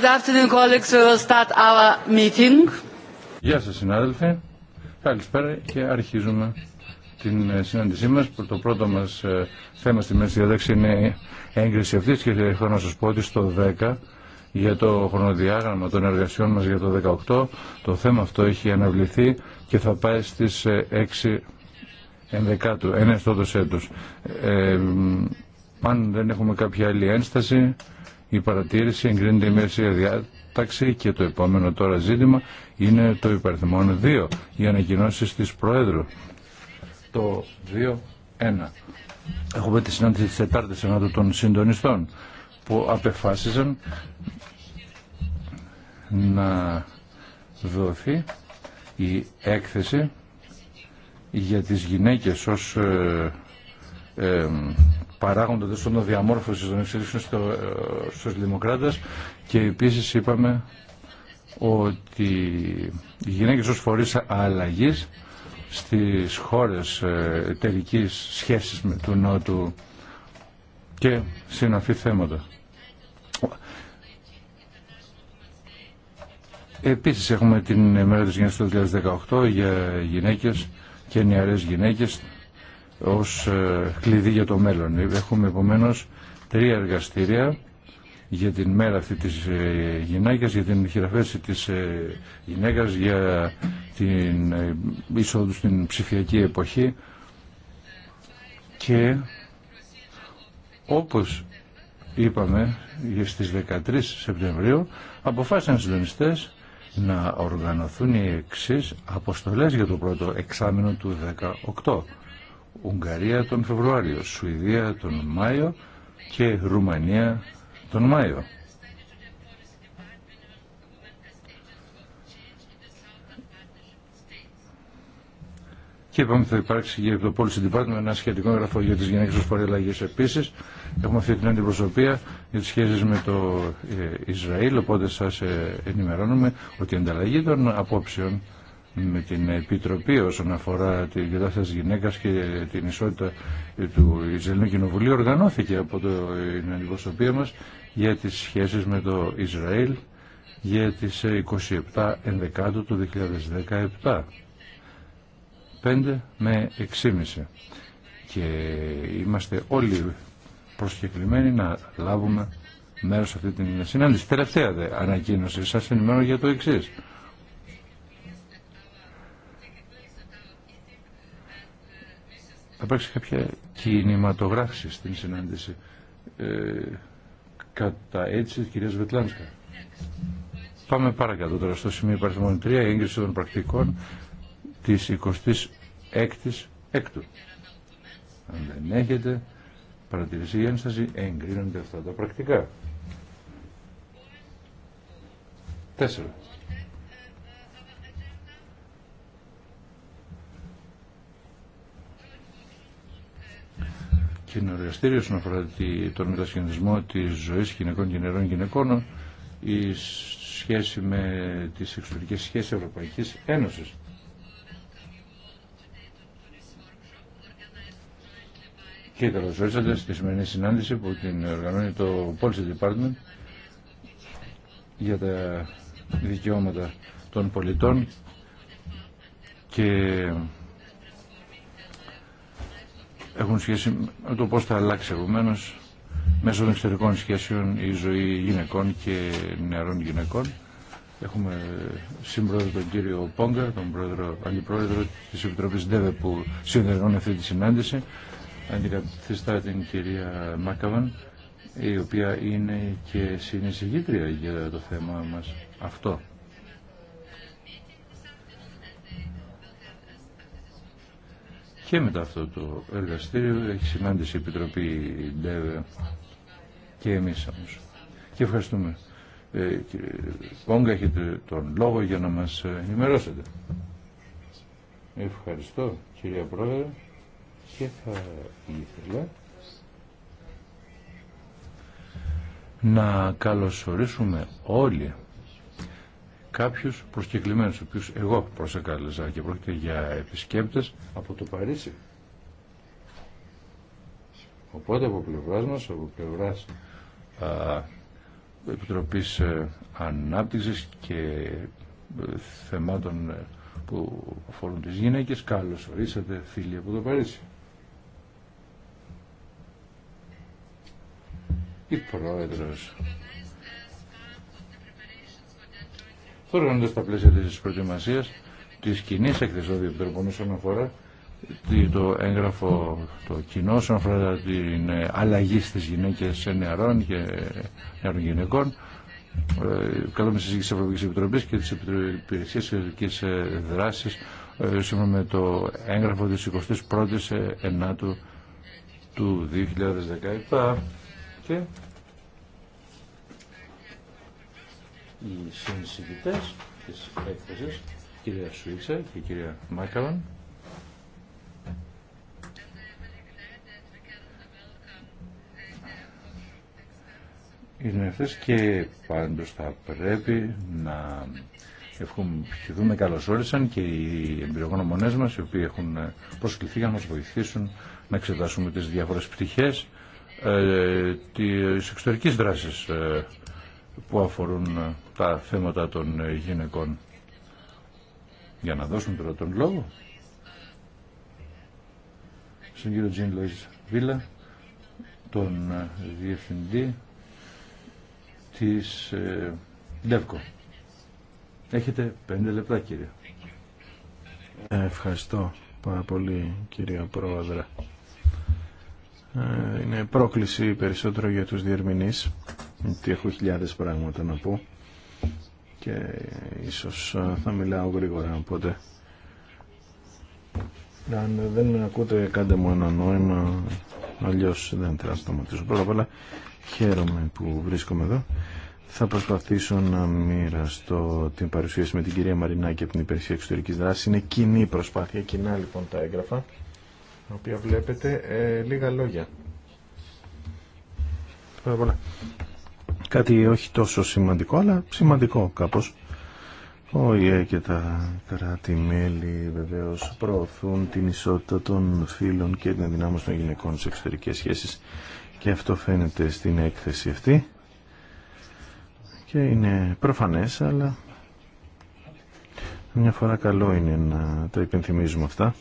Good afternoon, colleagues. We will start our meeting. Γεια σας συνάδελφοι. Καλησπέρα και αρχίζουμε την ε, συνάντησή μας. Το πρώτο μας ε, θέμα στη μέση διαδέξη είναι η έγκριση αυτή και θέλω να σας πω ότι στο 10 για το χρονοδιάγραμμα των εργασιών μας για το 18 το θέμα αυτό έχει αναβληθεί και θα πάει στις 6 ε, ενδεκάτου, ενεστώτος έτους. Ε, αν δεν έχουμε κάποια άλλη ένσταση η παρατήρηση εγκρίνεται η μέση διάταξη και το επόμενο τώρα ζήτημα είναι το υπαριθμόν 2, οι ανακοινώσει τη Προέδρου. Το 2-1. Έχουμε τη συνάντηση τη Τετάρτη Ενάτου των Συντονιστών που απεφάσισαν να δοθεί η έκθεση για τις γυναίκες ως ε, ε παράγοντα τη διαμόρφωση των εξελίξεων στο, ε, στους και επίσης είπαμε ότι οι γυναίκες ως φορείς αλλαγής στις χώρες ε, εταιρική σχέσης με του Νότου και συναφή θέματα. Επίσης έχουμε την μέρα της γυναίκας του 2018 για γυναίκες και νεαρές γυναίκες ως ε, κλειδί για το μέλλον. Έχουμε επομένως τρία εργαστήρια για την μέρα αυτή της ε, γυναίκας, για την χειραφέση της ε, γυναίκας, για την είσοδο στην ψηφιακή εποχή και όπως είπαμε στις 13 Σεπτεμβρίου αποφάσισαν οι συντονιστές να οργανωθούν οι εξής αποστολές για το πρώτο εξάμεινο του 18 Ουγγαρία τον Φεβρουάριο, Σουηδία τον Μάιο και Ρουμανία τον Μάιο. Και είπαμε ότι θα υπάρξει και το Policy Department ένα σχετικό γραφό για τι γυναίκε ω παρελαγέ επίση. Έχουμε αυτή την αντιπροσωπεία για τι σχέσει με το ε, Ισραήλ. Οπότε σα ε, ενημερώνουμε ότι η ανταλλαγή των απόψεων με την Επιτροπή όσον αφορά την κατάσταση της γυναίκας και την ισότητα του Ισραηλινού Κοινοβουλίου οργανώθηκε από το αντιπροσωπεία μας για τις σχέσεις με το Ισραήλ για τις 27 Ενδεκάτου του 2017. 5 με 6,5. Και είμαστε όλοι προσκεκλημένοι να λάβουμε μέρος αυτή την συνάντηση. Τελευταία δε ανακοίνωση σας ενημέρω για το εξής. θα υπάρξει κάποια κινηματογράφηση στην συνάντηση. Ε, κατά έτσι της κυρίας Βετλάνσκα. Πάμε παρακάτω τώρα στο σημείο υπαριθμών 3, έγκριση των πρακτικών της 26ης έκτου. Αν δεν έχετε παρατηρήσει η ένσταση, εγκρίνονται αυτά τα πρακτικά. Τέσσερα. κοινοεργαστήριο όσον αφορά τον μετασχηματισμό της ζωής γυναικών και νερών γυναικών η σχέση με τις εξωτερικές σχέσεις Ευρωπαϊκής Ένωσης. Και καλώ ορίσατε στη σημερινή συνάντηση που την οργανώνει το Policy Department για τα δικαιώματα των πολιτών και έχουν σχέση με το πώς θα αλλάξει επομένω μέσω των εξωτερικών σχέσεων η ζωή γυναικών και νεαρών γυναικών. Έχουμε συμπρόεδρο τον κύριο Πόγκα, τον πρόεδρο, αντιπρόεδρο της Επιτροπής ΔΕΒΕ που συνεργώνει αυτή τη συνάντηση. Αντικαθιστά την κυρία Μάκαβαν, η οποία είναι και συνεισηγήτρια για το θέμα μας αυτό. Και μετά αυτό το εργαστήριο έχει συνάντηση η Επιτροπή ΔΕΒΕ και εμείς όμως. Και ευχαριστούμε. Ε, κύριε Πόγκα, έχετε τον λόγο για να μας ε, ενημερώσετε. Ευχαριστώ κυρία Πρόεδρε και θα ήθελα να καλωσορίσουμε όλοι κάποιους προσκεκλημένους, οποίους εγώ προσεκάλεσα και πρόκειται για επισκέπτες από το Παρίσι. Οπότε από πλευράς μας, από πλευράς α, Επιτροπής ε, Ανάπτυξης και ε, θεμάτων ε, που αφορούν τις γυναίκες, καλώς ορίσατε φίλοι από το Παρίσι. Η πρόεδρος θωρώνοντα τα πλαίσια τη προετοιμασία τη κοινή έκθεση των όσον αφορά το έγγραφο το κοινό, όσον αφορά την ε, αλλαγή στι γυναίκε νεαρών και νεαρών γυναικών. Ε, καλούμε συζήτηση τη Ευρωπαϊκή Επιτροπή και τη Υπηρεσία Ειδική ε, Δράση σύμφωνα με το έγγραφο τη 21 η Ενάτου του 2017 και οι συνεισηγητές της έκθεσης, η κυρία Σουίτσα και η κυρία Μάκαλαν. Είναι αυτές και πάντως θα πρέπει να ευχηθούμε καλώς όρισαν και οι εμπειρογνωμονές μας οι οποίοι έχουν προσκληθεί για να μας βοηθήσουν να εξετάσουμε τις διάφορες πτυχές ε, της εξωτερικής δράσης ε, που αφορούν ε, τα θέματα των ε, γυναικών. Για να δώσουν τώρα τον λόγο. Στον κύριο Τζιν Λόις Βίλα, τον ε, διευθυντή της ΔΕΒΚΟ. Έχετε πέντε λεπτά κύριε. Ευχαριστώ πάρα πολύ κύριε Πρόεδρε. Είναι πρόκληση περισσότερο για τους διερμηνείς ότι έχω χιλιάδες πράγματα να πω και ίσως θα μιλάω γρήγορα οπότε αν δεν με ακούτε κάντε μου ένα νόημα αλλιώς δεν θα σταματήσω πρώτα απ' όλα χαίρομαι που βρίσκομαι εδώ θα προσπαθήσω να μοιραστώ την παρουσίαση με την κυρία Μαρινάκη από την Υπηρεσία Εξωτερικής Δράσης. Είναι κοινή προσπάθεια, κοινά λοιπόν τα έγγραφα, τα οποία βλέπετε ε, λίγα λόγια. Πάρα πολλά κάτι όχι τόσο σημαντικό, αλλά σημαντικό κάπως. Ο ΙΕ και τα κράτη-μέλη βεβαίως προωθούν την ισότητα των φίλων και την ενδυνάμωση των γυναικών σε εξωτερικές σχέσεις και αυτό φαίνεται στην έκθεση αυτή και είναι προφανές αλλά μια φορά καλό είναι να τα υπενθυμίζουμε αυτά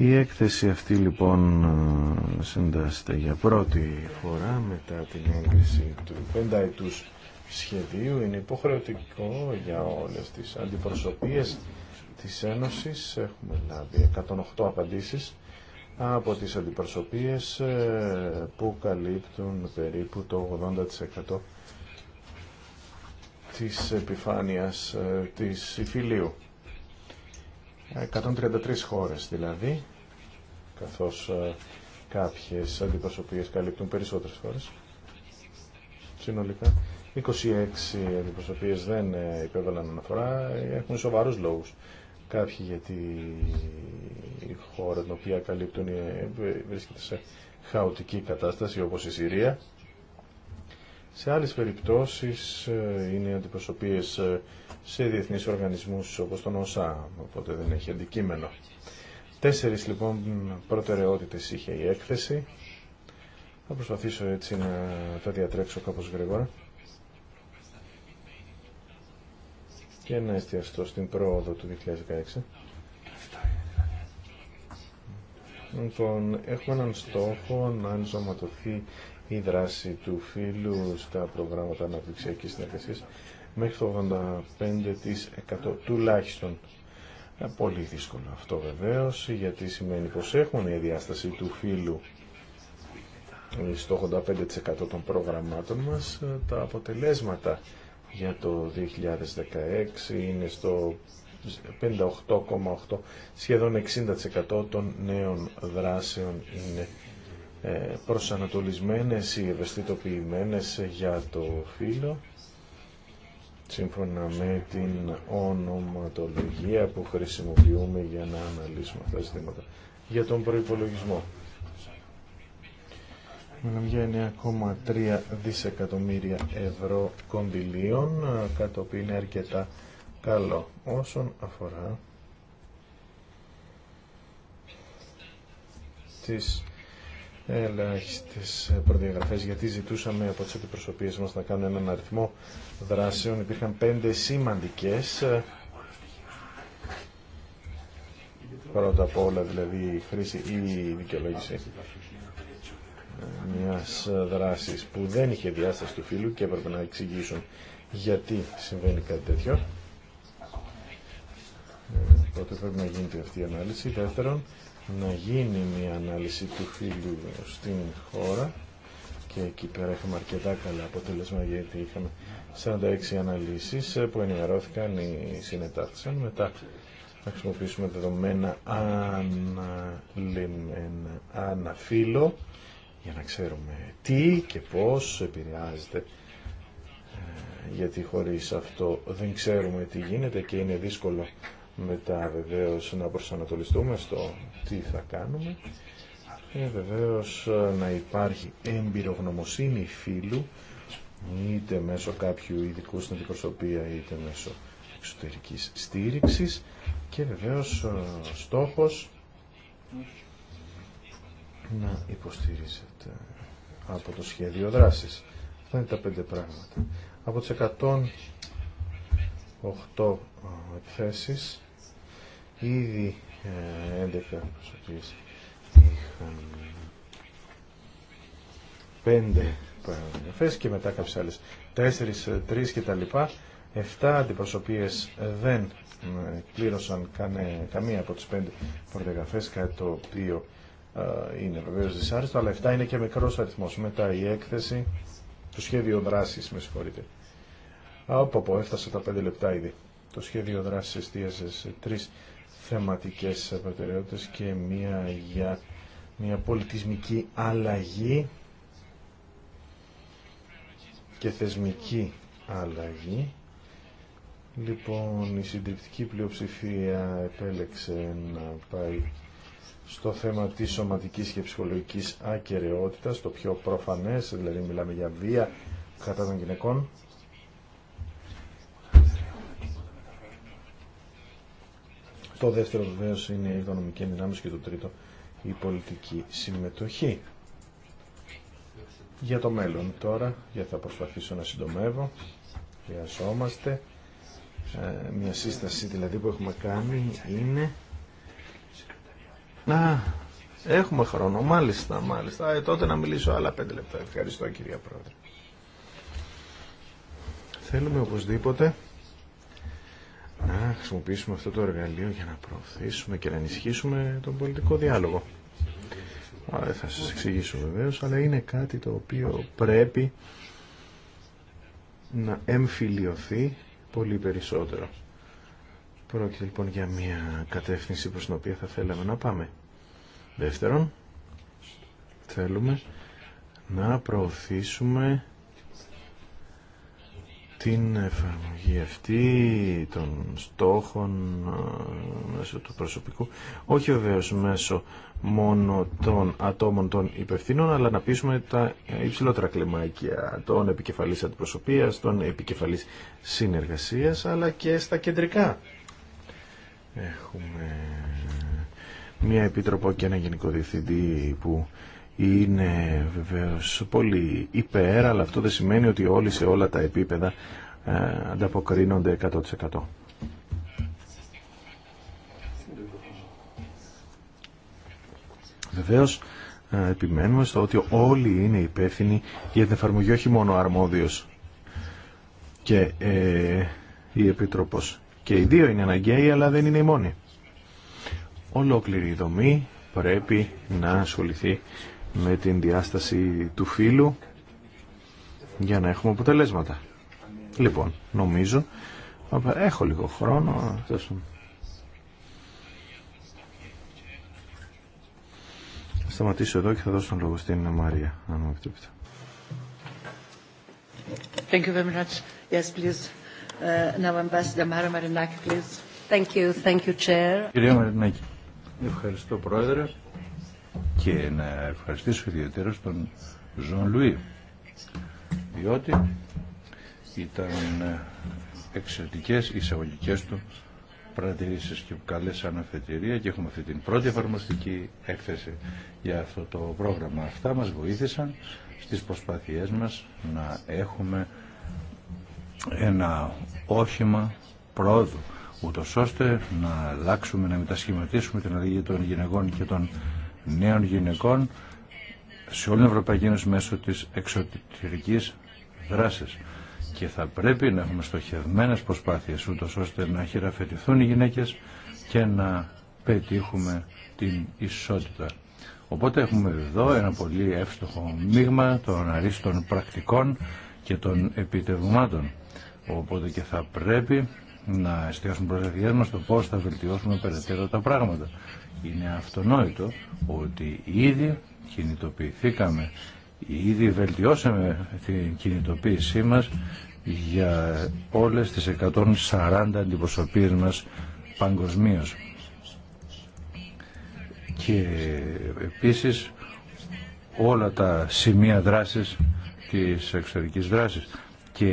η έκθεση αυτή λοιπόν συντάσσεται για πρώτη φορά μετά την έγκριση του πενταετούς σχεδίου. Είναι υποχρεωτικό για όλες τις αντιπροσωπείες της Ένωσης. Έχουμε λάβει 108 απαντήσεις από τις αντιπροσωπείες ε, που καλύπτουν περίπου το 80% της επιφάνειας ε, της Ιφιλίου. 133 χώρες δηλαδή, καθώς ε, κάποιες αντιπροσωπείες καλύπτουν περισσότερες χώρες. Συνολικά, 26 αντιπροσωπείες δεν ε, υπέβαλαν αναφορά, έχουν σοβαρούς λόγους. Κάποιοι γιατί η χώρα την οποία καλύπτουν ε, βρίσκεται σε χαοτική κατάσταση όπως η Συρία. Σε άλλες περιπτώσεις είναι αντιπροσωπείες σε διεθνείς οργανισμούς όπως τον ΩΣΑ, οπότε δεν έχει αντικείμενο. Τέσσερις λοιπόν προτεραιότητες είχε η έκθεση. Θα προσπαθήσω έτσι να τα διατρέξω κάπως γρήγορα. Και να εστιαστώ στην πρόοδο του 2016. Λοιπόν, έχουμε έναν στόχο να ενσωματωθεί η δράση του φίλου στα προγράμματα αναπτυξιακής συνεργασίας μέχρι το 85% τουλάχιστον. Ε, πολύ δύσκολο αυτό βεβαίως, γιατί σημαίνει πως έχουμε η διάσταση του φύλου ε, στο 85% των προγραμμάτων μας. Ε, τα αποτελέσματα για το 2016 είναι στο 58,8% σχεδόν 60% των νέων δράσεων είναι προσανατολισμένες ή ευαισθητοποιημένες για το φύλλο σύμφωνα με την ονοματολογία που χρησιμοποιούμε για να αναλύσουμε αυτά τα ζητήματα. Για τον προϋπολογισμό. Μιλάμε για 9,3 δισεκατομμύρια ευρώ κονδυλίων, κάτι το είναι αρκετά καλό. Όσον αφορά τις ελάχιστες προδιαγραφέ, γιατί ζητούσαμε από τι αντιπροσωπείε μα να κάνουν έναν αριθμό δράσεων. Υπήρχαν πέντε σημαντικές. Πρώτα απ' όλα δηλαδή η χρήση ή η δικαιολόγηση μια δράση που δεν είχε διάσταση του φίλου και έπρεπε να εξηγήσουν γιατί συμβαίνει κάτι τέτοιο. Ε, οπότε πρέπει να γίνεται αυτή η ανάλυση. Δεύτερον, να γίνει μια ανάλυση του φίλου στην χώρα και εκεί πέρα είχαμε αρκετά καλά αποτέλεσμα γιατί είχαμε 46 αναλύσεις που ενημερώθηκαν οι συνετάξεις μετά να χρησιμοποιήσουμε δεδομένα αναλυμένα για να ξέρουμε τι και πώς επηρεάζεται ε, γιατί χωρίς αυτό δεν ξέρουμε τι γίνεται και είναι δύσκολο μετά βεβαίως να προσανατολιστούμε στο τι θα κάνουμε και ε, βεβαίως ε, να υπάρχει εμπειρογνωμοσύνη φίλου είτε μέσω κάποιου ειδικού στην αντιπροσωπεία είτε μέσω εξωτερικής στήριξης και βεβαίως ε, στόχος να υποστηρίζεται από το σχέδιο δράσης. Αυτά είναι τα πέντε πράγματα. Από τις 108 εκθέσεις ήδη 11 ε, προσωπίες είχαν 5 παραγραφές και μετά κάποιες άλλες 4, 3 και τα λοιπά. 7 αντιπροσωπείες δεν ε, πλήρωσαν κανέ, καμία από τις 5 παραγραφές, κάτι το οποίο ε, είναι βεβαίως δυσάρεστο, αλλά 7 είναι και μικρός αριθμός. Μετά η έκθεση, του σχέδιο δράσης, με συγχωρείτε. Από έφτασα τα 5 λεπτά ήδη. Το σχέδιο δράσης εστίασε σε τρεις θεματικές προτεραιότητες και μία για μια πολιτισμική αλλαγή και θεσμική αλλαγή. Λοιπόν, η συντριπτική πλειοψηφία επέλεξε να πάει στο θέμα της σωματικής και ψυχολογικής ακαιρεότητας, το πιο προφανές, δηλαδή μιλάμε για βία κατά των γυναικών, Το δεύτερο βεβαίω είναι η οικονομική ενδυνάμωση και το τρίτο η πολιτική συμμετοχή. Για το μέλλον τώρα, για θα προσπαθήσω να συντομεύω, χρειαζόμαστε. Ε, μια σύσταση δηλαδή που έχουμε κάνει είναι... Να, έχουμε χρόνο, μάλιστα, μάλιστα. Ε, τότε να μιλήσω άλλα πέντε λεπτά. Ευχαριστώ κυρία Πρόεδρε. Θέλουμε οπωσδήποτε να χρησιμοποιήσουμε αυτό το εργαλείο για να προωθήσουμε και να ενισχύσουμε τον πολιτικό διάλογο. Δεν θα σας εξηγήσω βεβαίως, αλλά είναι κάτι το οποίο πρέπει να εμφυλιωθεί πολύ περισσότερο. Πρόκειται λοιπόν για μια κατεύθυνση προς την οποία θα θέλαμε να πάμε. Δεύτερον, θέλουμε να προωθήσουμε την εφαρμογή αυτή των στόχων ε, μέσω του προσωπικού, όχι βεβαίω μέσω μόνο των ατόμων των υπευθύνων, αλλά να πείσουμε τα υψηλότερα κλιμάκια των επικεφαλής αντιπροσωπείας, των επικεφαλής συνεργασίας, αλλά και στα κεντρικά. Έχουμε μία επίτροπο και ένα γενικό διευθυντή που είναι βεβαίω πολύ υπέρ, αλλά αυτό δεν σημαίνει ότι όλοι σε όλα τα επίπεδα ε, ανταποκρίνονται 100%. Βεβαίω, ε, επιμένουμε στο ότι όλοι είναι υπεύθυνοι για την εφαρμογή, όχι μόνο αρμόδιος και ε, η Επίτροπος. Και οι δύο είναι αναγκαίοι, αλλά δεν είναι οι μόνοι. Ολόκληρη η δομή πρέπει να ασχοληθεί με την διάσταση του φύλου για να έχουμε αποτελέσματα. Λοιπόν, νομίζω, έχω λίγο χρόνο. Θα σταματήσω εδώ και θα δώσω τον λόγο στην Μαρία, αν μου επιτρέπετε. Thank you very much. Yes, please. Uh, now Ambassador Mara Marinaki, please. Thank you, thank you, Chair. Κυρία Μαρινάκη, ευχαριστώ Πρόεδρε και να ευχαριστήσω ιδιαίτερα τον Ζων Λουί διότι ήταν εξαιρετικές εισαγωγικέ του παρατηρήσεις και καλέ αναφετηρία και έχουμε αυτή την πρώτη εφαρμοστική έκθεση για αυτό το πρόγραμμα. Αυτά μας βοήθησαν στις προσπάθειές μας να έχουμε ένα όχημα πρόοδου ούτως ώστε να αλλάξουμε, να μετασχηματίσουμε την αλληλεγγύη των γυναικών και των νέων γυναικών σε όλη την Ευρωπαϊκή Ένωση μέσω της εξωτερικής δράσης. Και θα πρέπει να έχουμε στοχευμένες προσπάθειες ούτω ώστε να χειραφετηθούν οι γυναίκες και να πετύχουμε την ισότητα. Οπότε έχουμε εδώ ένα πολύ εύστοχο μείγμα των αρίστων πρακτικών και των επιτευγμάτων. Οπότε και θα πρέπει να εστιάσουμε προσευχές μας στο πώς θα βελτιώσουμε περαιτέρω τα πράγματα είναι αυτονόητο ότι ήδη κινητοποιηθήκαμε, ήδη βελτιώσαμε την κινητοποίησή μας για όλες τις 140 αντιπροσωπείες μας παγκοσμίω. Και επίσης όλα τα σημεία δράσης της εξωτερικής δράσης και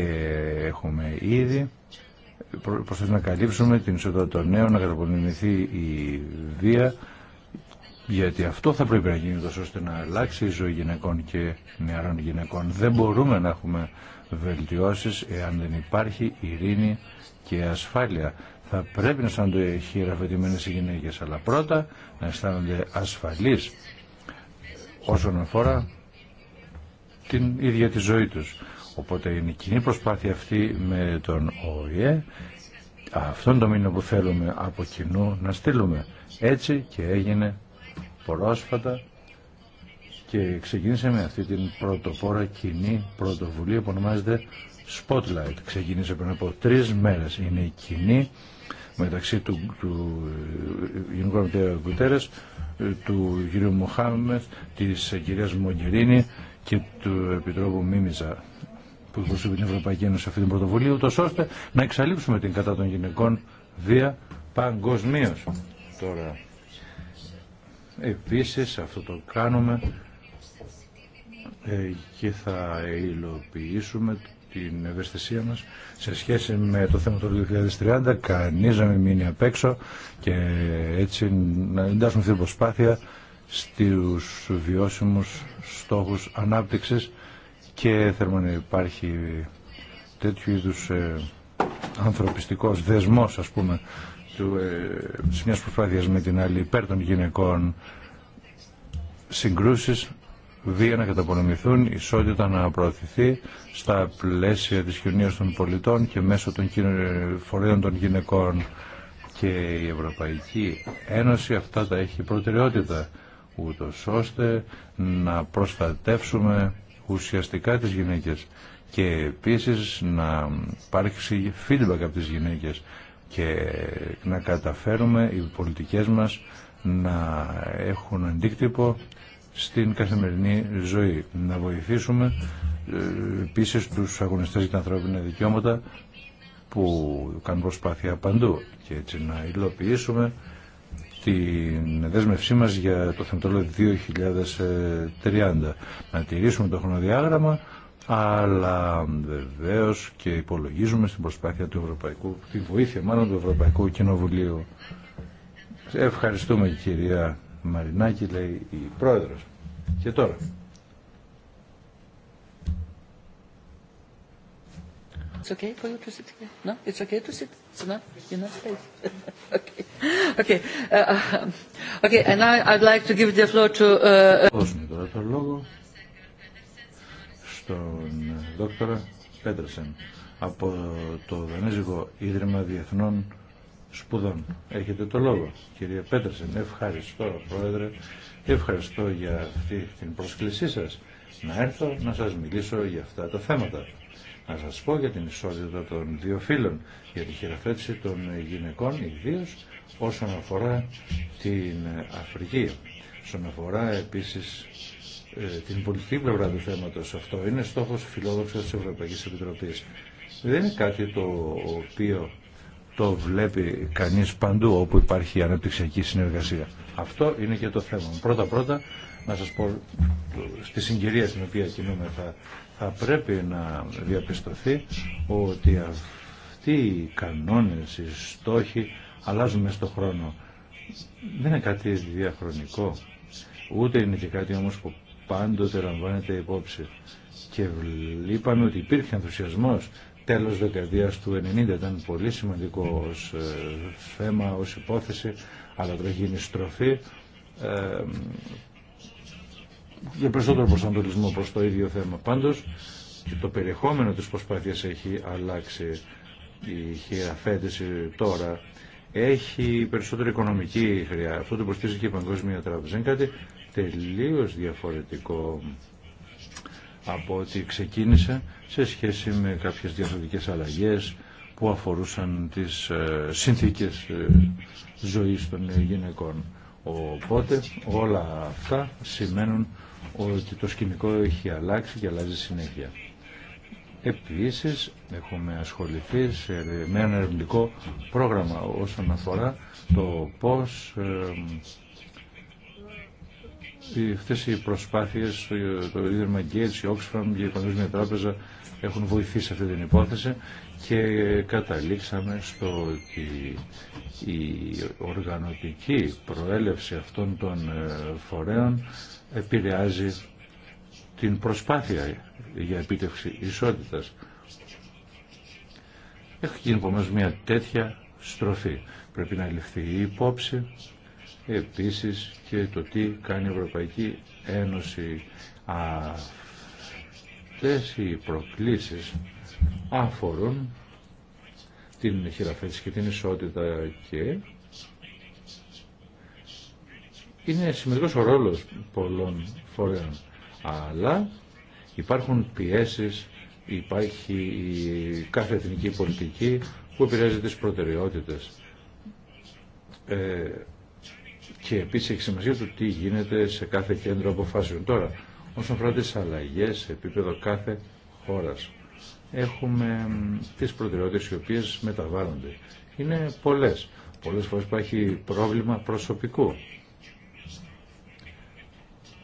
έχουμε ήδη προσπαθούμε να καλύψουμε την ισότητα των νέων, να καταπολεμηθεί η βία, γιατί αυτό θα πρέπει να γίνει ώστε να αλλάξει η ζωή γυναικών και νεαρών γυναικών. Δεν μπορούμε να έχουμε βελτιώσεις εάν δεν υπάρχει ειρήνη και ασφάλεια. Θα πρέπει να αισθάνονται χειραφετημένες οι γυναίκες, αλλά πρώτα να αισθάνονται ασφαλείς όσον αφορά την ίδια τη ζωή τους. Οπότε είναι κοινή προσπάθεια αυτή με τον ΟΗΕ. αυτόν τον το που θέλουμε από κοινού να στείλουμε. Έτσι και έγινε πρόσφατα και ξεκίνησε με αυτή την πρωτοπόρα κοινή πρωτοβουλία που ονομάζεται Spotlight. Ξεκίνησε πριν από τρει μέρες. Είναι η κοινή μεταξύ του, του Γενικού Γραμματέα του κ. Μοχάμεθ, της κυρίας Μογκερίνη και του Επιτρόπου Μίμιζα που εκπροσωπεί την Ευρωπαϊκή Ένωση αυτή την πρωτοβουλία, ούτω ώστε να εξαλείψουμε την κατά των γυναικών βία παγκοσμίω. Τώρα, επίσης αυτό το κάνουμε και θα υλοποιήσουμε την ευαισθησία μας σε σχέση με το θέμα του 2030 κανείς να μην μείνει απ' έξω και έτσι να εντάσσουμε αυτή την προσπάθεια στους βιώσιμους στόχους ανάπτυξης και θέλουμε να υπάρχει τέτοιου είδους ε, ανθρωπιστικός δεσμός ας πούμε του, ε, της μιας με την άλλη υπέρ των γυναικών συγκρούσεις βία να καταπονομηθούν, ισότητα να προωθηθεί στα πλαίσια της κοινωνίας των πολιτών και μέσω των φορέων των γυναικών και η Ευρωπαϊκή Ένωση αυτά τα έχει προτεραιότητα ούτως ώστε να προστατεύσουμε ουσιαστικά τις γυναίκες και επίσης να υπάρξει feedback από τις γυναίκες και να καταφέρουμε οι πολιτικές μας να έχουν αντίκτυπο στην καθημερινή ζωή. Να βοηθήσουμε ε, επίσης τους αγωνιστές για τα ανθρώπινα δικαιώματα που κάνουν προσπάθεια παντού και έτσι να υλοποιήσουμε την δέσμευσή μας για το θεμετόλο 2030. Να τηρήσουμε το χρονοδιάγραμμα, αλλά βεβαίω και υπολογίζουμε στην προσπάθεια του Ευρωπαϊκού, τη βοήθεια μάλλον του Ευρωπαϊκού Κοινοβουλίου. Ευχαριστούμε κυρία Μαρινάκη, λέει η Πρόεδρος. Και τώρα. It's okay for you to sit here? No? It's okay to sit? It's not? You're not safe? okay. Okay. Uh, okay, and now I'd like to give the floor to... Uh, uh το λόγο στον ε, δόκτωρα Πέτρεσεν από το Δανέζικο Ίδρυμα Διεθνών Σπουδών. Έχετε το λόγο, κυρία Πέτρεσεν. Ευχαριστώ, Πρόεδρε. Ευχαριστώ για αυτή την πρόσκλησή σας να έρθω να σας μιλήσω για αυτά τα θέματα να σας πω για την ισότητα των δύο φίλων για τη χειραφέτηση των γυναικών, ιδίω όσον αφορά την Αφρική, όσον αφορά επίσης ε, την πολιτική πλευρά του θέματος. Αυτό είναι στόχος φιλόδοξος της Ευρωπαϊκής Επιτροπής. Δεν είναι κάτι το οποίο το βλέπει κανείς παντού όπου υπάρχει αναπτυξιακή συνεργασία. Αυτό είναι και το θέμα. Πρώτα-πρώτα να σας πω στη συγκυρία στην οποία κινούμεθα θα πρέπει να διαπιστωθεί ότι αυτοί οι κανόνες, οι στόχοι αλλάζουν μέσα χρόνο. Δεν είναι κάτι διαχρονικό, ούτε είναι και κάτι όμως που πάντοτε λαμβάνεται υπόψη. Και είπαμε ότι υπήρχε ενθουσιασμός τέλος δεκαετίας του 90 ήταν πολύ σημαντικό ως ε, θέμα, ως υπόθεση, αλλά τώρα γίνει στροφή. Ε, για περισσότερο προσανατολισμό προς το ίδιο θέμα. Πάντως και το περιεχόμενο της προσπάθειας έχει αλλάξει. Η χειραφέτηση ε, τώρα έχει περισσότερη οικονομική χρειά. Αυτό το προστίζει και η Παγκόσμια Τράπεζα. Είναι κάτι τελείως διαφορετικό από ό,τι ξεκίνησε σε σχέση με κάποιες διαφορετικές αλλαγές που αφορούσαν τις ε, συνθήκες ε, ζωής των γυναικών. Οπότε όλα αυτά σημαίνουν ότι το σκηνικό έχει αλλάξει και αλλάζει συνέχεια. Επίσης έχουμε ασχοληθεί σε, με ένα ερευνητικό πρόγραμμα όσον αφορά το πώς ε, Αυτέ οι προσπάθειε το Ίδρυμα Gates, η Oxfam και η Παγκόσμια Τράπεζα έχουν βοηθήσει αυτή την υπόθεση και καταλήξαμε στο ότι η οργανωτική προέλευση αυτών των ε, φορέων επηρεάζει την προσπάθεια για επίτευξη ισότητας. Έχει γίνει επομένως μια τέτοια στροφή. Πρέπει να ληφθεί η υπόψη επίσης και το τι κάνει η Ευρωπαϊκή Ένωση. Αυτές οι προκλήσεις αφορούν την χειραφέτηση και την ισότητα και είναι σημαντικός ο ρόλος πολλών φορέων. Αλλά υπάρχουν πιέσεις, υπάρχει η κάθε εθνική πολιτική που επηρεάζει τις προτεραιότητες. Ε, και επίση έχει σημασία το τι γίνεται σε κάθε κέντρο αποφάσεων. Τώρα, όσον αφορά τι αλλαγέ σε επίπεδο κάθε χώρας, έχουμε τι προτεραιότητε οι οποίε μεταβάλλονται. Είναι πολλέ. Πολλέ φορέ υπάρχει πρόβλημα προσωπικού.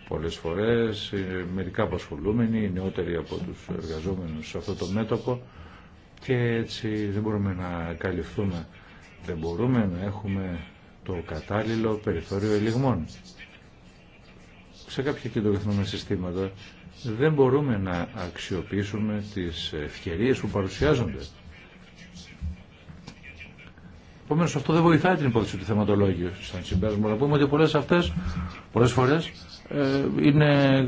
Πολλέ φορές ε, μερικά απασχολούμενοι, νεότεροι από τους εργαζόμενου σε αυτό το μέτωπο και έτσι δεν μπορούμε να καλυφθούμε. Δεν μπορούμε να έχουμε το κατάλληλο περιθώριο ελιγμών. Σε κάποια κοινωνικά συστήματα δεν μπορούμε να αξιοποιήσουμε τις ευκαιρίες που παρουσιάζονται. Επομένω, αυτό δεν βοηθάει την υπόθεση του θεματολόγιου σαν συμπέρασμα. Να πούμε ότι πολλέ αυτέ, πολλέ φορέ, ε, είναι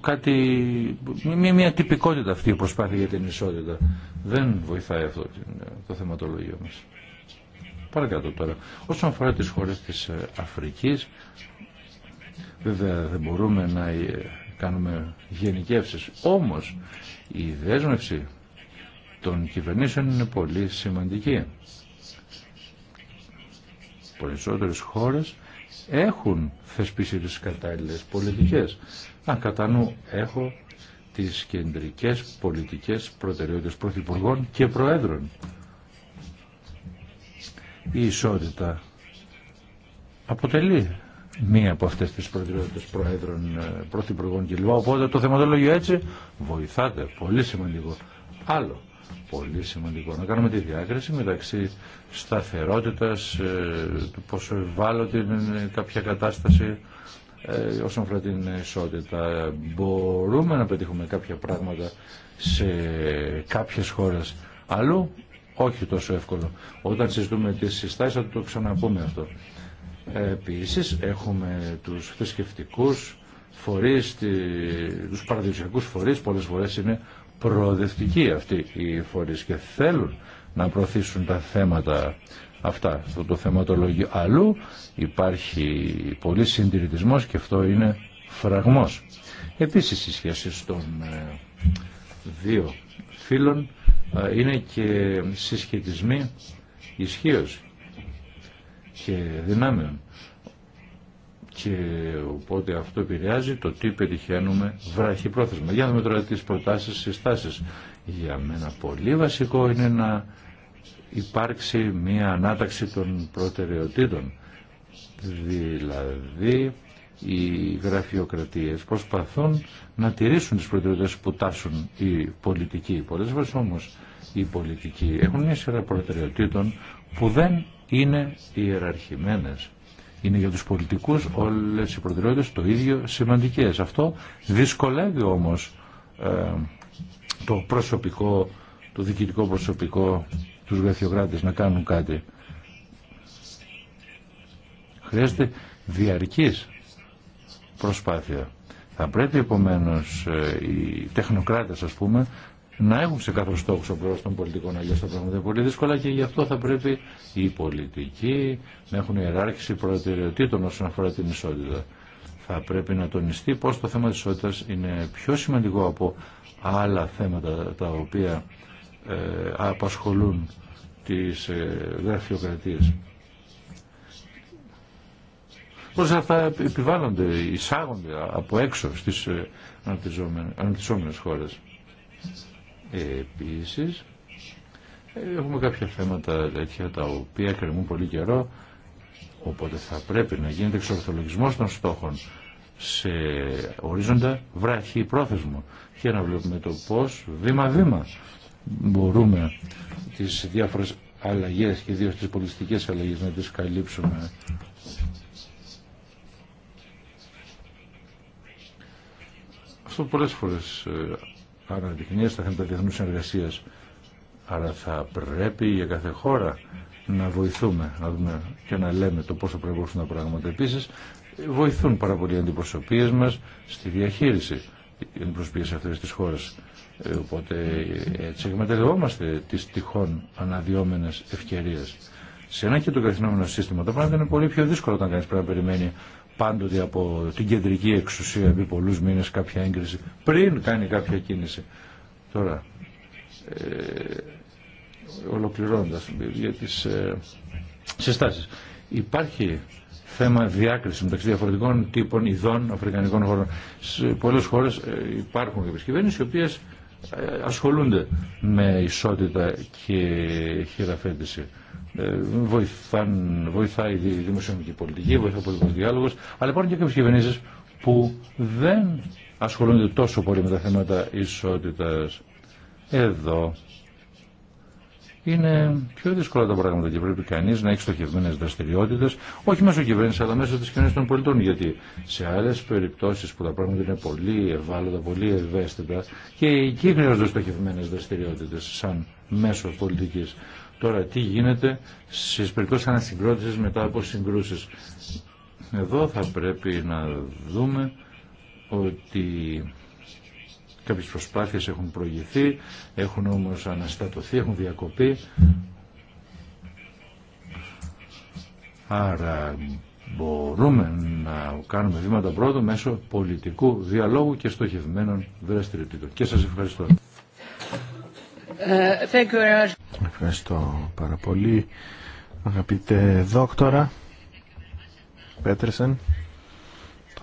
κάτι, μια, μια τυπικότητα αυτή η προσπάθεια για την ισότητα. Δεν βοηθάει αυτό ε, το θεματολόγιο μας. Παρακάτω τώρα. Όσον αφορά τις χώρες της ε, Αφρικής, βέβαια δεν μπορούμε να ε, κάνουμε γενικεύσεις. Όμως η δέσμευση των κυβερνήσεων είναι πολύ σημαντική. Περισσότερες χώρες έχουν θεσπίσει τις κατάλληλες πολιτικές. Αν κατά νου έχω τις κεντρικές πολιτικές προτεραιότητες πρωθυπουργών και προέδρων η ισότητα αποτελεί μία από αυτές τις προτεραιότητες προέδρων, ε, πρωθυπουργών κλπ. Οπότε το θεματολόγιο έτσι βοηθάτε. Πολύ σημαντικό. Άλλο. Πολύ σημαντικό. Να κάνουμε τη διάκριση μεταξύ σταθερότητας, ε, του πόσο ευάλωτη είναι κάποια κατάσταση ε, όσον αφορά την ισότητα. Μπορούμε να πετύχουμε κάποια πράγματα σε κάποιες χώρες. Αλλού όχι τόσο εύκολο. Όταν συζητούμε τις συστάσεις θα το ξαναπούμε αυτό. Επίσης έχουμε τους θρησκευτικού φορείς, τους παραδοσιακού φορείς, Πολλέ φορέ είναι προοδευτικοί αυτοί οι φορείς και θέλουν να προωθήσουν τα θέματα αυτά Αυτό το θεματολόγιο. Αλλού υπάρχει πολύ συντηρητισμός και αυτό είναι φραγμός. Επίσης οι σχέσεις των ε, δύο φίλων ε, είναι και συσχετισμοί ισχύω και δυνάμεων. Και οπότε αυτό επηρεάζει το τι πετυχαίνουμε βραχυπρόθεσμα. Για να δούμε τώρα τις προτάσεις, συστάσεις. Για μένα πολύ βασικό είναι να υπάρξει μια ανάταξη των προτεραιοτήτων. Δηλαδή οι γραφειοκρατίες προσπαθούν να τηρήσουν τις προτεραιότητες που τάσουν οι πολιτικοί. Πολλές φορές όμως οι πολιτικοί έχουν μια σειρά προτεραιοτήτων που δεν είναι ιεραρχημένες. Είναι για τους πολιτικούς όλες οι προτεραιότητες το ίδιο σημαντικές. Αυτό δυσκολεύει όμως ε, το προσωπικό, το διοικητικό προσωπικό, τους γραφειοκράτες να κάνουν κάτι. Χρειάζεται διαρκής προσπάθεια. Θα πρέπει επομένως ε, οι τεχνοκράτες ας πούμε να έχουν σε κάθε στόχο ο πρόεδρο των πολιτικών. Αλλιώ τα πράγματα είναι πολύ δύσκολα και γι' αυτό θα πρέπει οι πολιτικοί να έχουν ιεράρχηση προτεραιοτήτων όσον αφορά την ισότητα. Θα πρέπει να τονιστεί πώ το θέμα τη ισότητα είναι πιο σημαντικό από άλλα θέματα τα οποία ε, απασχολούν τι ε, γραφειοκρατίε. Πώς αυτά επιβάλλονται, εισάγονται από έξω στις ε, αναπτυσσόμενες χώρες. Επίσης, έχουμε κάποια θέματα τέτοια τα οποία κρεμούν πολύ καιρό, οπότε θα πρέπει να γίνεται εξορθολογισμός των στόχων σε ορίζοντα βράχη πρόθεσμο και να βλέπουμε το πώς βήμα-βήμα μπορούμε τις διάφορες αλλαγές και ιδίως τις πολιτιστικές αλλαγές να τις καλύψουμε Αυτό πολλέ φορέ ε, αναδεικνύει στα θέματα διεθνού συνεργασία. Άρα θα πρέπει για κάθε χώρα να βοηθούμε, να δούμε και να λέμε το πόσο πρέπει να τα πράγματα. επίση, βοηθούν πάρα πολύ οι μα μας στη διαχείριση οι αντιπροσωπείες αυτές της χώρας. Ε, οπότε έτσι εκμεταλλευόμαστε τι τυχόν αναδυόμενε ευκαιρίε. Σε ένα και το καθημερινό σύστημα τα πράγματα είναι πολύ πιο δύσκολο όταν κάνει πρέπει να περιμένει πάντοτε από την κεντρική εξουσία επί πολλούς μήνες κάποια έγκριση πριν κάνει κάποια κίνηση. Τώρα, ε, ολοκληρώνοντας για τις ε, συστάσεις. Υπάρχει θέμα διάκριση μεταξύ διαφορετικών τύπων ειδών αφρικανικών χωρών. Σε πολλές χώρες ε, υπάρχουν κάποιες κυβέρνησεις οι οποίες ε, ασχολούνται με ισότητα και χειραφέτηση. Ε, βοηθάν, βοηθάει η δημοσιονομική πολιτική, βοηθάει ο πολιτικό διάλογο, αλλά υπάρχουν και κάποιε κυβερνήσει που δεν ασχολούνται τόσο πολύ με τα θέματα ισότητα. Εδώ είναι πιο δύσκολα τα πράγματα και πρέπει κανεί να έχει στοχευμένε δραστηριότητε, όχι μέσω κυβέρνηση αλλά μέσω τη κοινωνία των πολιτών. Γιατί σε άλλε περιπτώσει που τα πράγματα είναι πολύ ευάλωτα, πολύ ευαίσθητα και εκεί χρειάζονται στοχευμένε δραστηριότητε σαν μέσο πολιτική. Τώρα τι γίνεται στις περιπτώσεις ανασυγκρότησης μετά από συγκρούσεις. Εδώ θα πρέπει να δούμε ότι κάποιες προσπάθειες έχουν προηγηθεί, έχουν όμως αναστατωθεί, έχουν διακοπεί. Άρα μπορούμε να κάνουμε βήματα πρώτο μέσω πολιτικού διαλόγου και στοχευμένων δραστηριοτήτων. Και σας ευχαριστώ. Ε, Ευχαριστώ πάρα πολύ. Αγαπητέ δόκτορα Πέτρεσεν,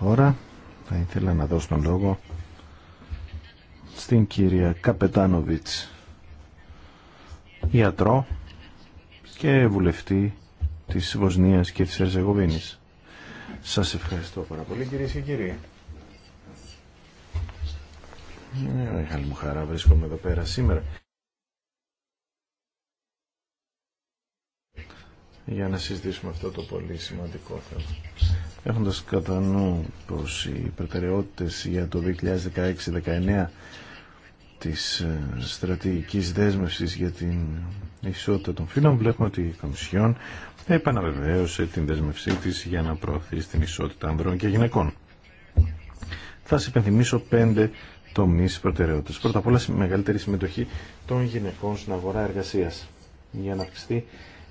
τώρα θα ήθελα να δώσω τον λόγο στην κυρία Καπετάνοβιτς, ιατρό και βουλευτή της Βοσνίας και της Ερζεγοβίνης. Σας ευχαριστώ πάρα πολύ κυρίες και κύριοι. Ε, μεγάλη μου χαρά βρίσκομαι εδώ πέρα σήμερα για να συζητήσουμε αυτό το πολύ σημαντικό θέμα. Έχοντας κατά νου πως οι προτεραιότητες για το 2016-19 της ε, στρατηγικής δέσμευσης για την ισότητα των φύλων βλέπουμε ότι η Κομισιόν επαναβεβαίωσε την δέσμευσή της για να προωθεί την ισότητα ανδρών και γυναικών. Θα σας υπενθυμίσω πέντε τομείς προτεραιότητες. Πρώτα απ' όλα μεγαλύτερη συμμετοχή των γυναικών στην αγορά εργασίας για να αυξηθεί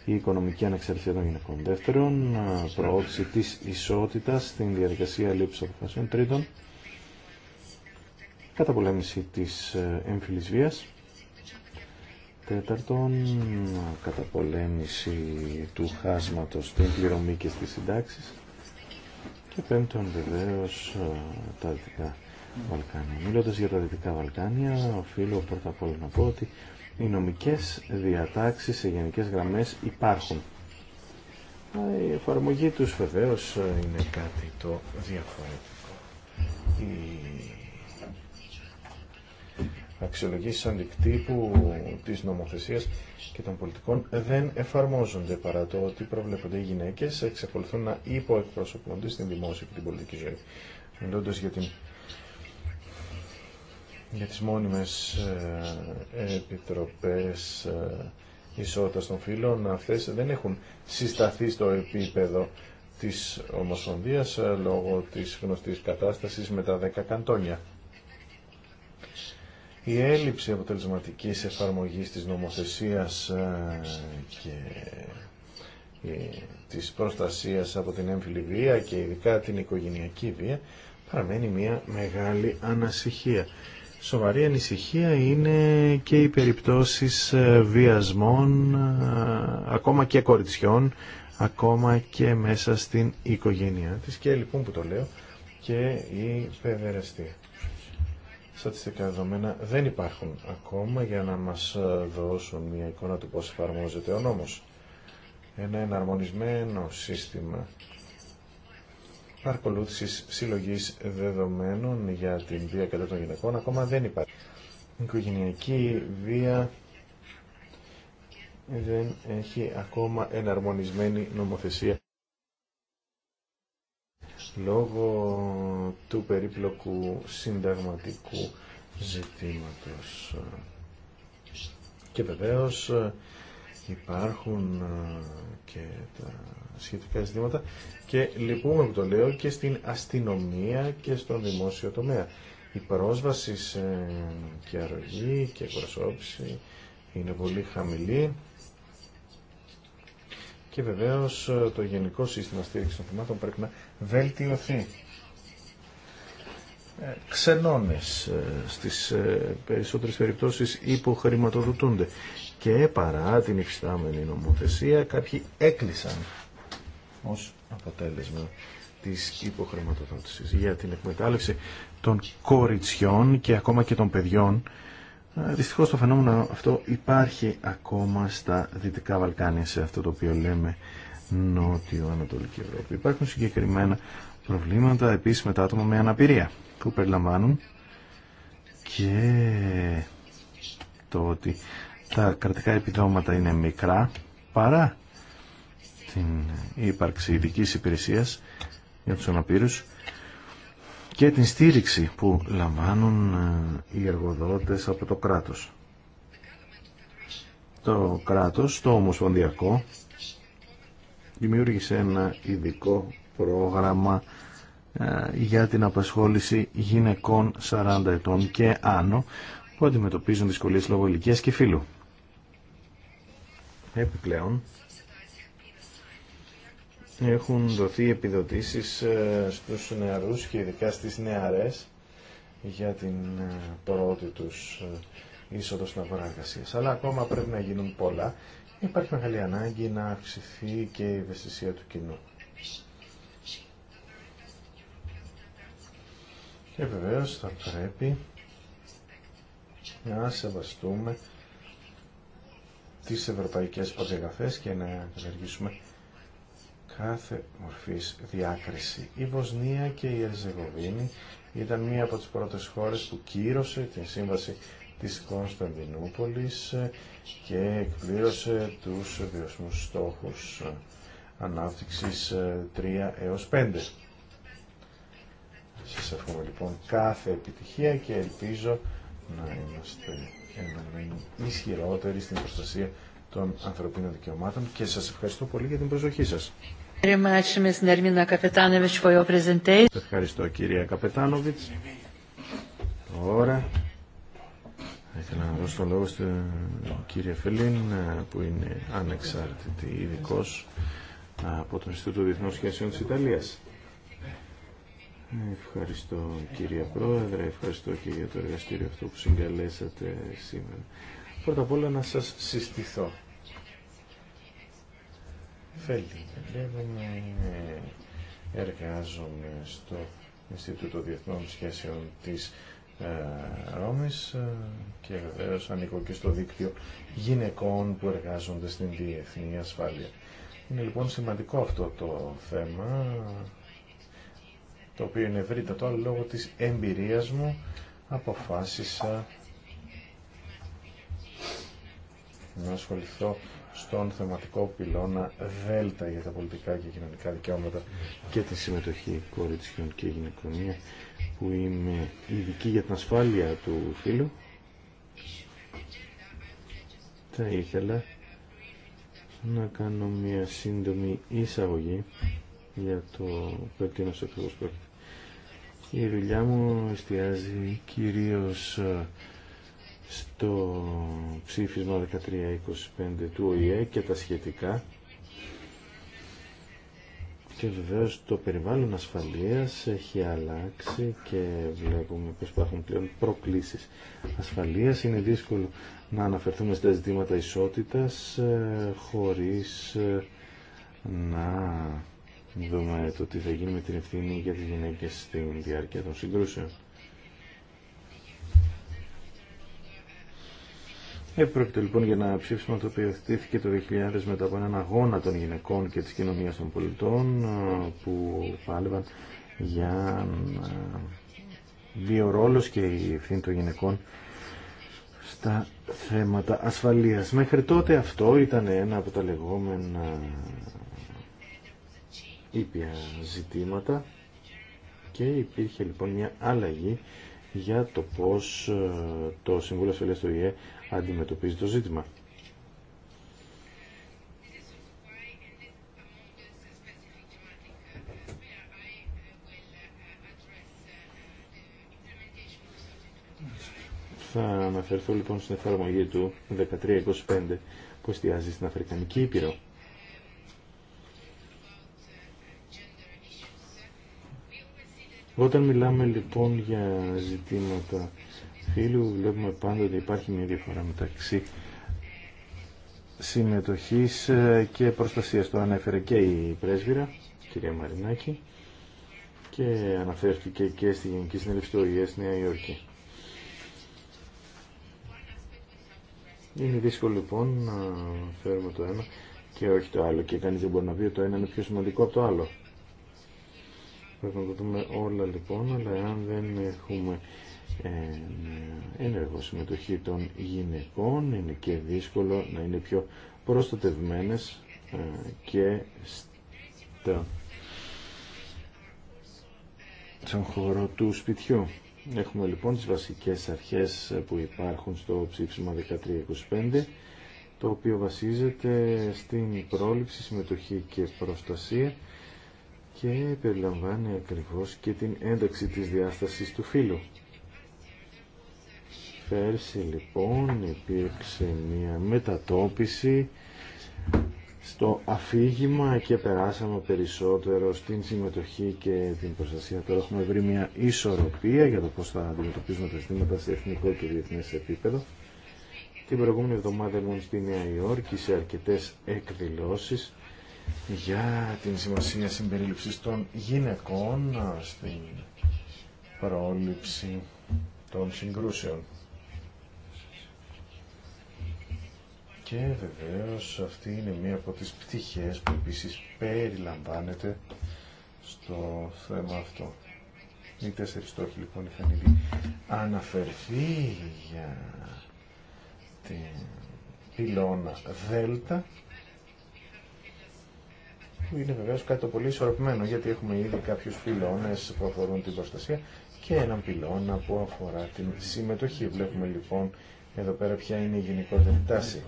η οικονομική ανεξαρτησία των γυναικών. Δεύτερον, προώθηση τη ισότητα στην διαδικασία λήψη αποφασιών. Τρίτον, καταπολέμηση της ε, έμφυλη βίας. Τέταρτον, καταπολέμηση του χάσματος στην πληρωμή και στις συντάξεις. Και πέμπτον, βεβαίως, ε, τα Δυτικά Βαλκάνια. Μιλώντας για τα Δυτικά Βαλκάνια, οφείλω πρώτα απ' όλα να πω ότι οι νομικές διατάξεις σε γενικές γραμμές υπάρχουν. Η εφαρμογή τους βεβαίως είναι κάτι το διαφορετικό. Οι αξιολογήσεις αντικτύπου της νομοθεσίας και των πολιτικών δεν εφαρμόζονται παρά το ότι προβλέπονται οι γυναίκες εξακολουθούν να υποεκπροσωπούνται στην δημόσια και την πολιτική ζωή. Μιλώντας για την για τις μόνιμες ε, επιτροπές ε, ισότητας των φύλων. Αυτές δεν έχουν συσταθεί στο επίπεδο της Ομοσπονδίας ε, λόγω της γνωστής κατάστασης με τα 10 καντόνια. Η έλλειψη αποτελεσματικής εφαρμογής της νομοθεσίας και της προστασίας από την έμφυλη βία και ειδικά την οικογενειακή βία παραμένει μια μεγάλη ανασυχία σοβαρή ανησυχία είναι και οι περιπτώσεις ε, βιασμών, ε, ακόμα και κοριτσιών, ακόμα και μέσα στην οικογένειά της και λοιπόν που το λέω και η παιδεραστή. Στατιστικά δεδομένα δεν υπάρχουν ακόμα για να μας ε, δώσουν μια εικόνα του πώς εφαρμόζεται ο νόμος. Ένα εναρμονισμένο σύστημα Παρακολούθηση συλλογή δεδομένων για την βία κατά των γυναικών ακόμα δεν υπάρχει. Η οικογενειακή βία δεν έχει ακόμα εναρμονισμένη νομοθεσία λόγω του περίπλοκου συνταγματικού ζητήματος. Και βεβαίως ε, υπάρχουν ε, και τα σχετικά ζητήματα και λυπούμε που το λέω και στην αστυνομία και στον δημόσιο τομέα. Η πρόσβαση σε... και αρρωγή και προσώπηση είναι πολύ χαμηλή και βεβαίως το γενικό σύστημα στήριξης των θυμάτων πρέπει να βελτιωθεί. Ε, ξενώνες ε, στις ε, περισσότερες περιπτώσεις υποχρηματοδοτούνται και παρά την υφιστάμενη νομοθεσία κάποιοι έκλεισαν ως αποτέλεσμα της υποχρηματοδότησης για την εκμετάλλευση των κοριτσιών και ακόμα και των παιδιών. Ε, δυστυχώς το φαινόμενο αυτό υπάρχει ακόμα στα Δυτικά Βαλκάνια, σε αυτό το οποίο λέμε Νότιο-Ανατολική Ευρώπη. Υπάρχουν συγκεκριμένα προβλήματα επίσης με τα άτομα με αναπηρία που περιλαμβάνουν και το ότι τα κρατικά επιδόματα είναι μικρά παρά την ύπαρξη ειδική υπηρεσία για τους αναπήρου και την στήριξη που λαμβάνουν ε, οι εργοδότες από το κράτος. Το κράτος, το Ομοσπονδιακό, δημιούργησε ένα ειδικό πρόγραμμα ε, για την απασχόληση γυναικών 40 ετών και άνω που αντιμετωπίζουν δυσκολίες λόγω ηλικίας και φύλου. Επιπλέον, έχουν δοθεί επιδοτήσεις ε, στους νεαρούς και ειδικά στις νεαρές για την ε, πρώτη τους ε, είσοδο στην αγορά Αλλά ακόμα πρέπει να γίνουν πολλά. Υπάρχει μεγάλη ανάγκη να αυξηθεί και η ευαισθησία του κοινού. Και βεβαίω θα πρέπει να σεβαστούμε τις ευρωπαϊκές προδιαγραφές και να ενεργήσουμε κάθε μορφής διάκριση. Η Βοσνία και η Ερζεγοβίνη ήταν μία από τις πρώτες χώρες που κύρωσε την σύμβαση της Κωνσταντινούπολης και εκπλήρωσε τους βιωσμούς στόχους ανάπτυξης 3 ε, έως 5. Σας εύχομαι λοιπόν κάθε επιτυχία και ελπίζω να είμαστε ενωμένοι ισχυρότεροι στην προστασία των ανθρωπίνων δικαιωμάτων και σας ευχαριστώ πολύ για την προσοχή σας. Ευχαριστώ κυρία Καπετάνοβιτς. Τώρα θα ήθελα να δώσω το λόγο στην κυρία Φελίν που είναι ανεξάρτητη ειδικό από το Ινστιτούτο Διεθνών Σχέσεων της Ιταλίας. Ευχαριστώ κυρία Πρόεδρε, ευχαριστώ και για το εργαστήριο αυτό που συγκαλέσατε σήμερα. Πρώτα απ' όλα να σας συστηθώ. Φέλη, είναι... εργάζομαι στο Ινστιτούτο Διεθνών Σχέσεων της ε, Ρώμης ε, και βεβαίω ανήκω και στο δίκτυο γυναικών που εργάζονται στην διεθνή ασφάλεια. Είναι λοιπόν σημαντικό αυτό το θέμα, το οποίο είναι ευρύτατο, αλλά λόγω της εμπειρίας μου αποφάσισα να ασχοληθώ στον θεματικό πυλώνα ΔΕΛΤΑ για τα πολιτικά και κοινωνικά δικαιώματα και τη συμμετοχή κορίτσιων και γυναικονία που είμαι ειδική για την ασφάλεια του φίλου. Θα ήθελα να κάνω μια σύντομη εισαγωγή για το περτίνος ακριβώς Η δουλειά μου εστιάζει κυρίως στο ψήφισμα 1325 του ΟΗΕ και τα σχετικά και βεβαίω το περιβάλλον ασφαλείας έχει αλλάξει και βλέπουμε πως υπάρχουν πλέον προκλήσεις ασφαλείας. Είναι δύσκολο να αναφερθούμε στα ζητήματα ισότητας ε, χωρίς ε, να δούμε το τι θα γίνει με την ευθύνη για τις γυναίκες στην διάρκεια των συγκρούσεων. Επρόκειτο λοιπόν για ένα ψήφισμα το οποίο θετήθηκε το 2000 μετά από έναν αγώνα των γυναικών και της κοινωνίας των πολιτών που πάλευαν για δύο και η ευθύνη των γυναικών στα θέματα ασφαλείας. Μέχρι τότε αυτό ήταν ένα από τα λεγόμενα ήπια ζητήματα και υπήρχε λοιπόν μια αλλαγή για το πώς το Συμβούλιο Ασφαλείας του ΙΕ αντιμετωπίζει το ζήτημα. Θα αναφερθώ λοιπόν στην εφαρμογή του 1325 που εστιάζει στην Αφρικανική Ήπειρο. Όταν μιλάμε λοιπόν για ζητήματα φίλου βλέπουμε πάντοτε υπάρχει μια διαφορά μεταξύ συμμετοχής ε, και προστασίας. Το ανέφερε και η πρέσβυρα, κυρία Μαρινάκη, και αναφέρθηκε και στη Γενική Συνέλευση του ΟΗΕ Νέα Υόρκη. Είναι δύσκολο λοιπόν να φέρουμε το ένα και όχι το άλλο και κανείς δεν μπορεί να πει ότι το ένα είναι πιο σημαντικό από το άλλο. Πρέπει να το δούμε όλα λοιπόν, αλλά αν δεν έχουμε ε, ένεργο συμμετοχή των γυναικών είναι και δύσκολο να είναι πιο προστατευμένες ε, και στα... στον χώρο του σπιτιού. Έχουμε λοιπόν τις βασικές αρχές που υπάρχουν στο ψήφισμα 1325 το οποίο βασίζεται στην πρόληψη, συμμετοχή και προστασία και περιλαμβάνει ακριβώς και την ένταξη της διάστασης του φύλου. Πέρσι λοιπόν υπήρξε μια μετατόπιση στο αφήγημα και περάσαμε περισσότερο στην συμμετοχή και την προστασία. Τώρα έχουμε βρει μια ισορροπία για το πώς θα αντιμετωπίζουμε τα ζητήματα σε εθνικό και διεθνές επίπεδο. Την προηγούμενη εβδομάδα ήμουν λοιπόν, στη Νέα Υόρκη σε αρκετές εκδηλώσεις για την σημασία συμπερίληψης των γυναικών στην πρόληψη των συγκρούσεων. Και βεβαίως αυτή είναι μία από τις πτυχές που επίσης περιλαμβάνεται στο θέμα αυτό. Οι τέσσερις στόχοι λοιπόν είχαν ήδη αναφερθεί για την πυλώνα Δέλτα που είναι βεβαίως κάτι το πολύ ισορροπημένο γιατί έχουμε ήδη κάποιους πυλώνες που αφορούν την προστασία και έναν πυλώνα που αφορά την συμμετοχή. Βλέπουμε λοιπόν εδώ πέρα ποια είναι η γενικότερη τάση.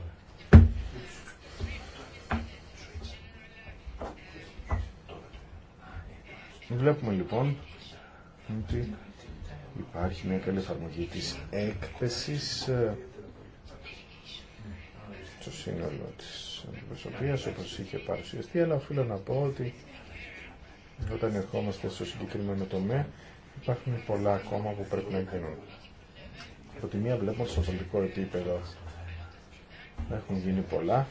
Βλέπουμε λοιπόν ότι υπάρχει μια καλή εφαρμογή της έκθεσης ε, στο σύνολο της αντιπροσωπείας όπως είχε παρουσιαστεί αλλά οφείλω να πω ότι όταν ερχόμαστε στο συγκεκριμένο τομέα υπάρχουν πολλά ακόμα που πρέπει να γίνουν. Από τη μία βλέπουμε στο πολιτικό επίπεδο έχουν γίνει πολλά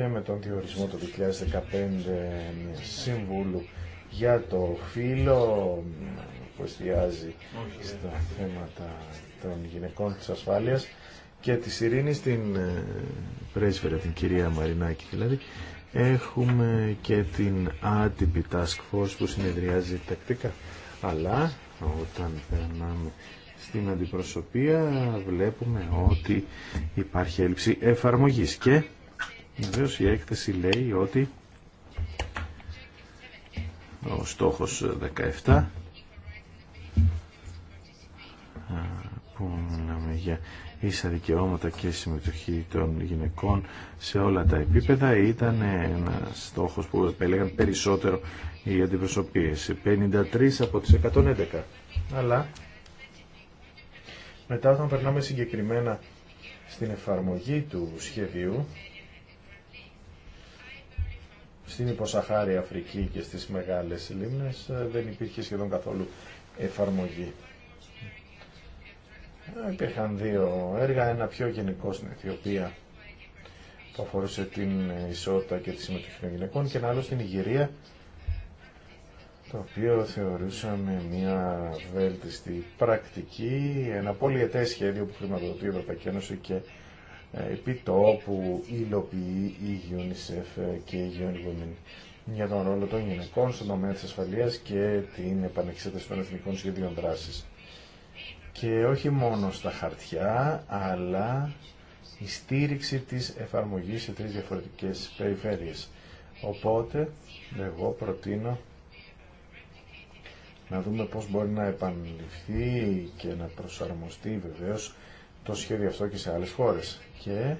και με τον διορισμό του 2015 συμβούλου για το φύλλο που εστιάζει στα θέματα των γυναικών της ασφάλειας και της ειρήνης την ε, πρέσβερα, την κυρία Μαρινάκη δηλαδή έχουμε και την άτυπη task force που συνεδριάζει τακτικά αλλά όταν περνάμε στην αντιπροσωπεία βλέπουμε ότι υπάρχει έλλειψη εφαρμογής και Βεβαίω η έκθεση λέει ότι ο στόχος 17 που μιλάμε για ίσα δικαιώματα και συμμετοχή των γυναικών σε όλα τα επίπεδα ήταν ένα στόχος που επέλεγαν περισσότερο οι αντιπροσωπείες 53 από τις 111 αλλά μετά όταν περνάμε συγκεκριμένα στην εφαρμογή του σχεδίου στην υποσαχάρη Αφρική και στις μεγάλες λίμνες ε, δεν υπήρχε σχεδόν καθόλου εφαρμογή. Ε, υπήρχαν δύο έργα, ένα πιο γενικό στην Αιθιοπία που αφορούσε την ισότητα και τη συμμετοχή των γυναικών και ένα άλλο στην Ιγυρία το οποίο θεωρούσαμε μια βέλτιστη πρακτική, ένα πολυετές σχέδιο που χρηματοδοτεί η Ευρωπαϊκή Ένωση και ε, επιτόπου υλοποιεί η UNICEF και η UN Women για τον ρόλο των γυναικών στον τομέα της ασφαλείας και την επανεξέταση των εθνικών σχεδίων δράσης. Και όχι μόνο στα χαρτιά, αλλά η στήριξη της εφαρμογής σε τρεις διαφορετικές περιφέρειες. Οπότε, εγώ προτείνω να δούμε πώς μπορεί να επαναληφθεί και να προσαρμοστεί βεβαίως το σχέδιο αυτό και σε άλλες χώρες. Και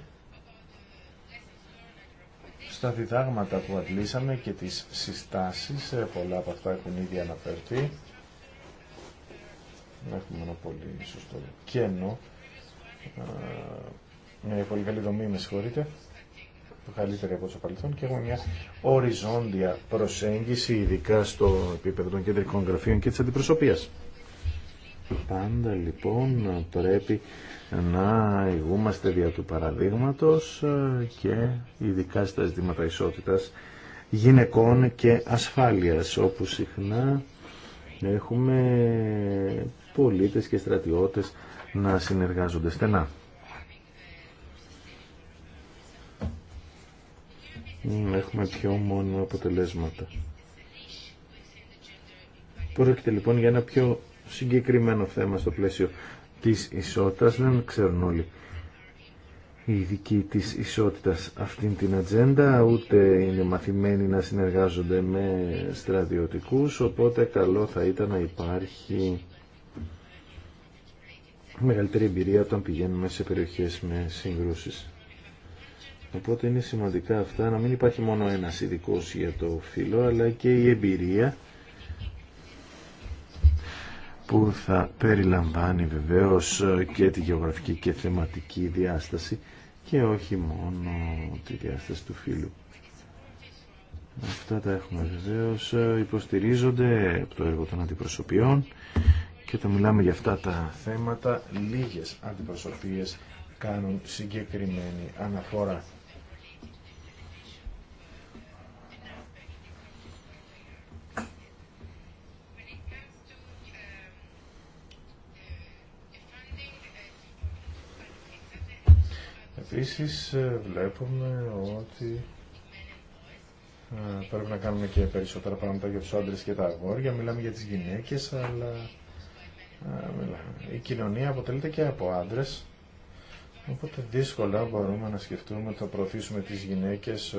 στα διδάγματα που αντλήσαμε και τις συστάσεις, ε, πολλά από αυτά έχουν ήδη αναφερθεί, έχουμε ένα πολύ σωστό κένο, μια πολύ καλή δομή, με συγχωρείτε, καλύτερη από το παρελθόν και έχουμε μια οριζόντια προσέγγιση, ειδικά στο επίπεδο των κεντρικών γραφείων και της αντιπροσωπείας. Πάντα λοιπόν πρέπει να ηγούμαστε δια του παραδείγματος και ειδικά στα ζητήματα ισότητας γυναικών και ασφάλειας όπου συχνά έχουμε πολίτες και στρατιώτες να συνεργάζονται στενά. Έχουμε πιο μόνο αποτελέσματα. Πρόκειται λοιπόν για ένα πιο συγκεκριμένο θέμα στο πλαίσιο της ισότητας. Δεν ξέρουν όλοι οι ειδικοί της ισότητας αυτήν την ατζέντα, ούτε είναι μαθημένοι να συνεργάζονται με στρατιωτικούς, οπότε καλό θα ήταν να υπάρχει μεγαλύτερη εμπειρία όταν πηγαίνουμε σε περιοχές με συγκρούσεις. Οπότε είναι σημαντικά αυτά να μην υπάρχει μόνο ένας ειδικό για το φύλλο, αλλά και η εμπειρία που θα περιλαμβάνει βεβαίως ε, και τη γεωγραφική και θεματική διάσταση και όχι μόνο τη διάσταση του φίλου. Αυτά τα έχουμε βεβαίως, ε, υποστηρίζονται από το έργο των αντιπροσωπιών και όταν μιλάμε για αυτά τα θέματα, λίγες αντιπροσωπίες κάνουν συγκεκριμένη αναφορά. Επίσης ε, βλέπουμε ότι ε, πρέπει να κάνουμε και περισσότερα πράγματα για τους άντρες και τα αγόρια. Μιλάμε για τις γυναίκες, αλλά ε, η κοινωνία αποτελείται και από άντρες. Οπότε δύσκολα μπορούμε να σκεφτούμε θα προωθήσουμε τις γυναίκες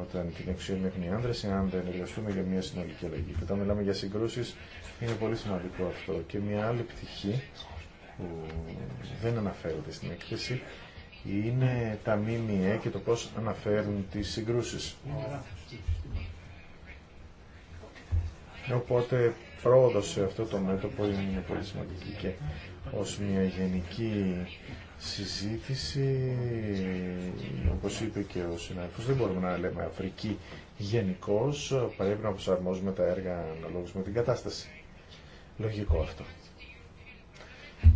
όταν την εξουσία έχουν οι άνδρες, αν δεν εργαστούμε για μια συνολική αλλαγή. Και όταν μιλάμε για συγκρούσεις είναι πολύ σημαντικό αυτό. Και μια άλλη πτυχή που δεν αναφέρεται στην έκθεση είναι τα ΜΜΕ και το πώς αναφέρουν τις συγκρούσεις. Οπότε πρόοδο σε αυτό το μέτωπο είναι πολύ σημαντική και ως μια γενική συζήτηση, όπως είπε και ο συνάδελφος, δεν μπορούμε να λέμε Αφρική γενικώ, πρέπει να προσαρμόζουμε τα έργα αναλόγως με την κατάσταση. Λογικό αυτό.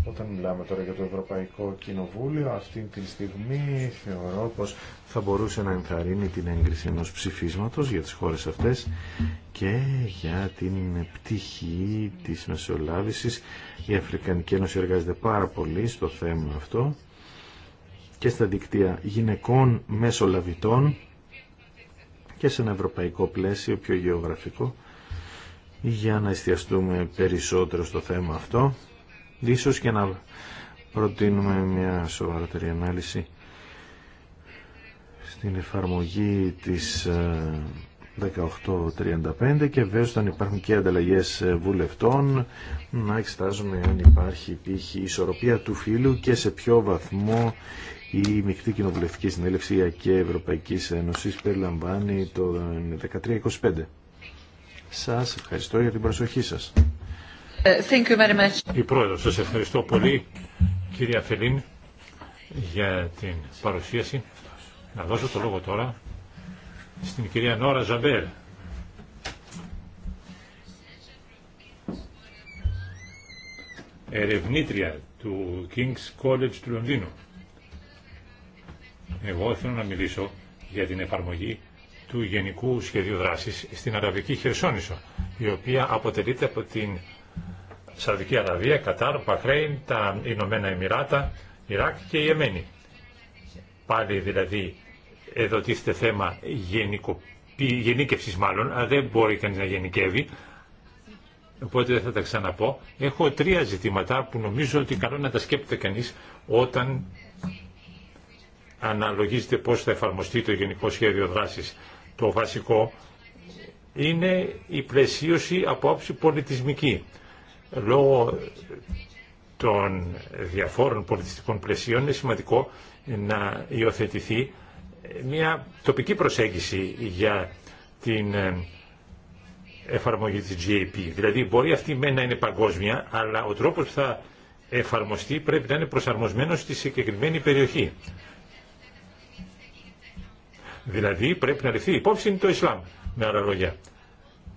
Όταν μιλάμε τώρα για το Ευρωπαϊκό Κοινοβούλιο, αυτή τη στιγμή θεωρώ πως θα μπορούσε να ενθαρρύνει την έγκριση ενός ψηφίσματος για τις χώρες αυτές και για την πτυχή της μεσολάβησης. Η Αφρικανική Ένωση εργάζεται πάρα πολύ στο θέμα αυτό και στα δικτύα γυναικών μεσολαβητών και σε ένα ευρωπαϊκό πλαίσιο πιο γεωγραφικό για να εστιαστούμε περισσότερο στο θέμα αυτό Ίσως και να προτείνουμε μια σοβαρότερη ανάλυση στην εφαρμογή της 1835 ε, και βέβαια όταν υπάρχουν και ανταλλαγές ε, βουλευτών να εξετάζουμε αν υπάρχει π.χ. ισορροπία του φύλου και σε ποιο βαθμό η Μικτή Κοινοβουλευτική Συνέλευση και Ευρωπαϊκής Ένωσης περιλαμβάνει το 1325. Σας ευχαριστώ για την προσοχή σας. Ε, η σας ευχαριστώ πολύ κυρία Φελίν για την παρουσίαση. Να δώσω το λόγο τώρα στην κυρία Νόρα Ζαμπέρ. ερευνήτρια του King's College του Λονδίνου. Εγώ θέλω να μιλήσω για την εφαρμογή του Γενικού Σχεδίου Δράσης στην Αραβική Χερσόνησο, η οποία αποτελείται από την Σαουδική Αραβία, Κατάρ, Παχρέιν, τα Ηνωμένα Εμμυράτα, Ιράκ και η Εμένη. Πάλι δηλαδή εδώ τίθεται θέμα γενικο... γενίκευσης μάλλον, δεν μπορεί κανεί να γενικεύει, οπότε δεν θα τα ξαναπώ. Έχω τρία ζητήματα που νομίζω ότι καλό να τα σκέπτεται κανείς όταν αναλογίζεται πώς θα εφαρμοστεί το Γενικό Σχέδιο Δράσης. Το βασικό είναι η πλαισίωση από άψη πολιτισμική λόγω των διαφόρων πολιτιστικών πλαισίων είναι σημαντικό να υιοθετηθεί μια τοπική προσέγγιση για την ε, εφαρμογή της GAP. Δηλαδή μπορεί αυτή μένα να είναι παγκόσμια, αλλά ο τρόπος που θα εφαρμοστεί πρέπει να είναι προσαρμοσμένος στη συγκεκριμένη περιοχή. Δηλαδή πρέπει να ληφθεί υπόψη το Ισλάμ, με άλλα λόγια.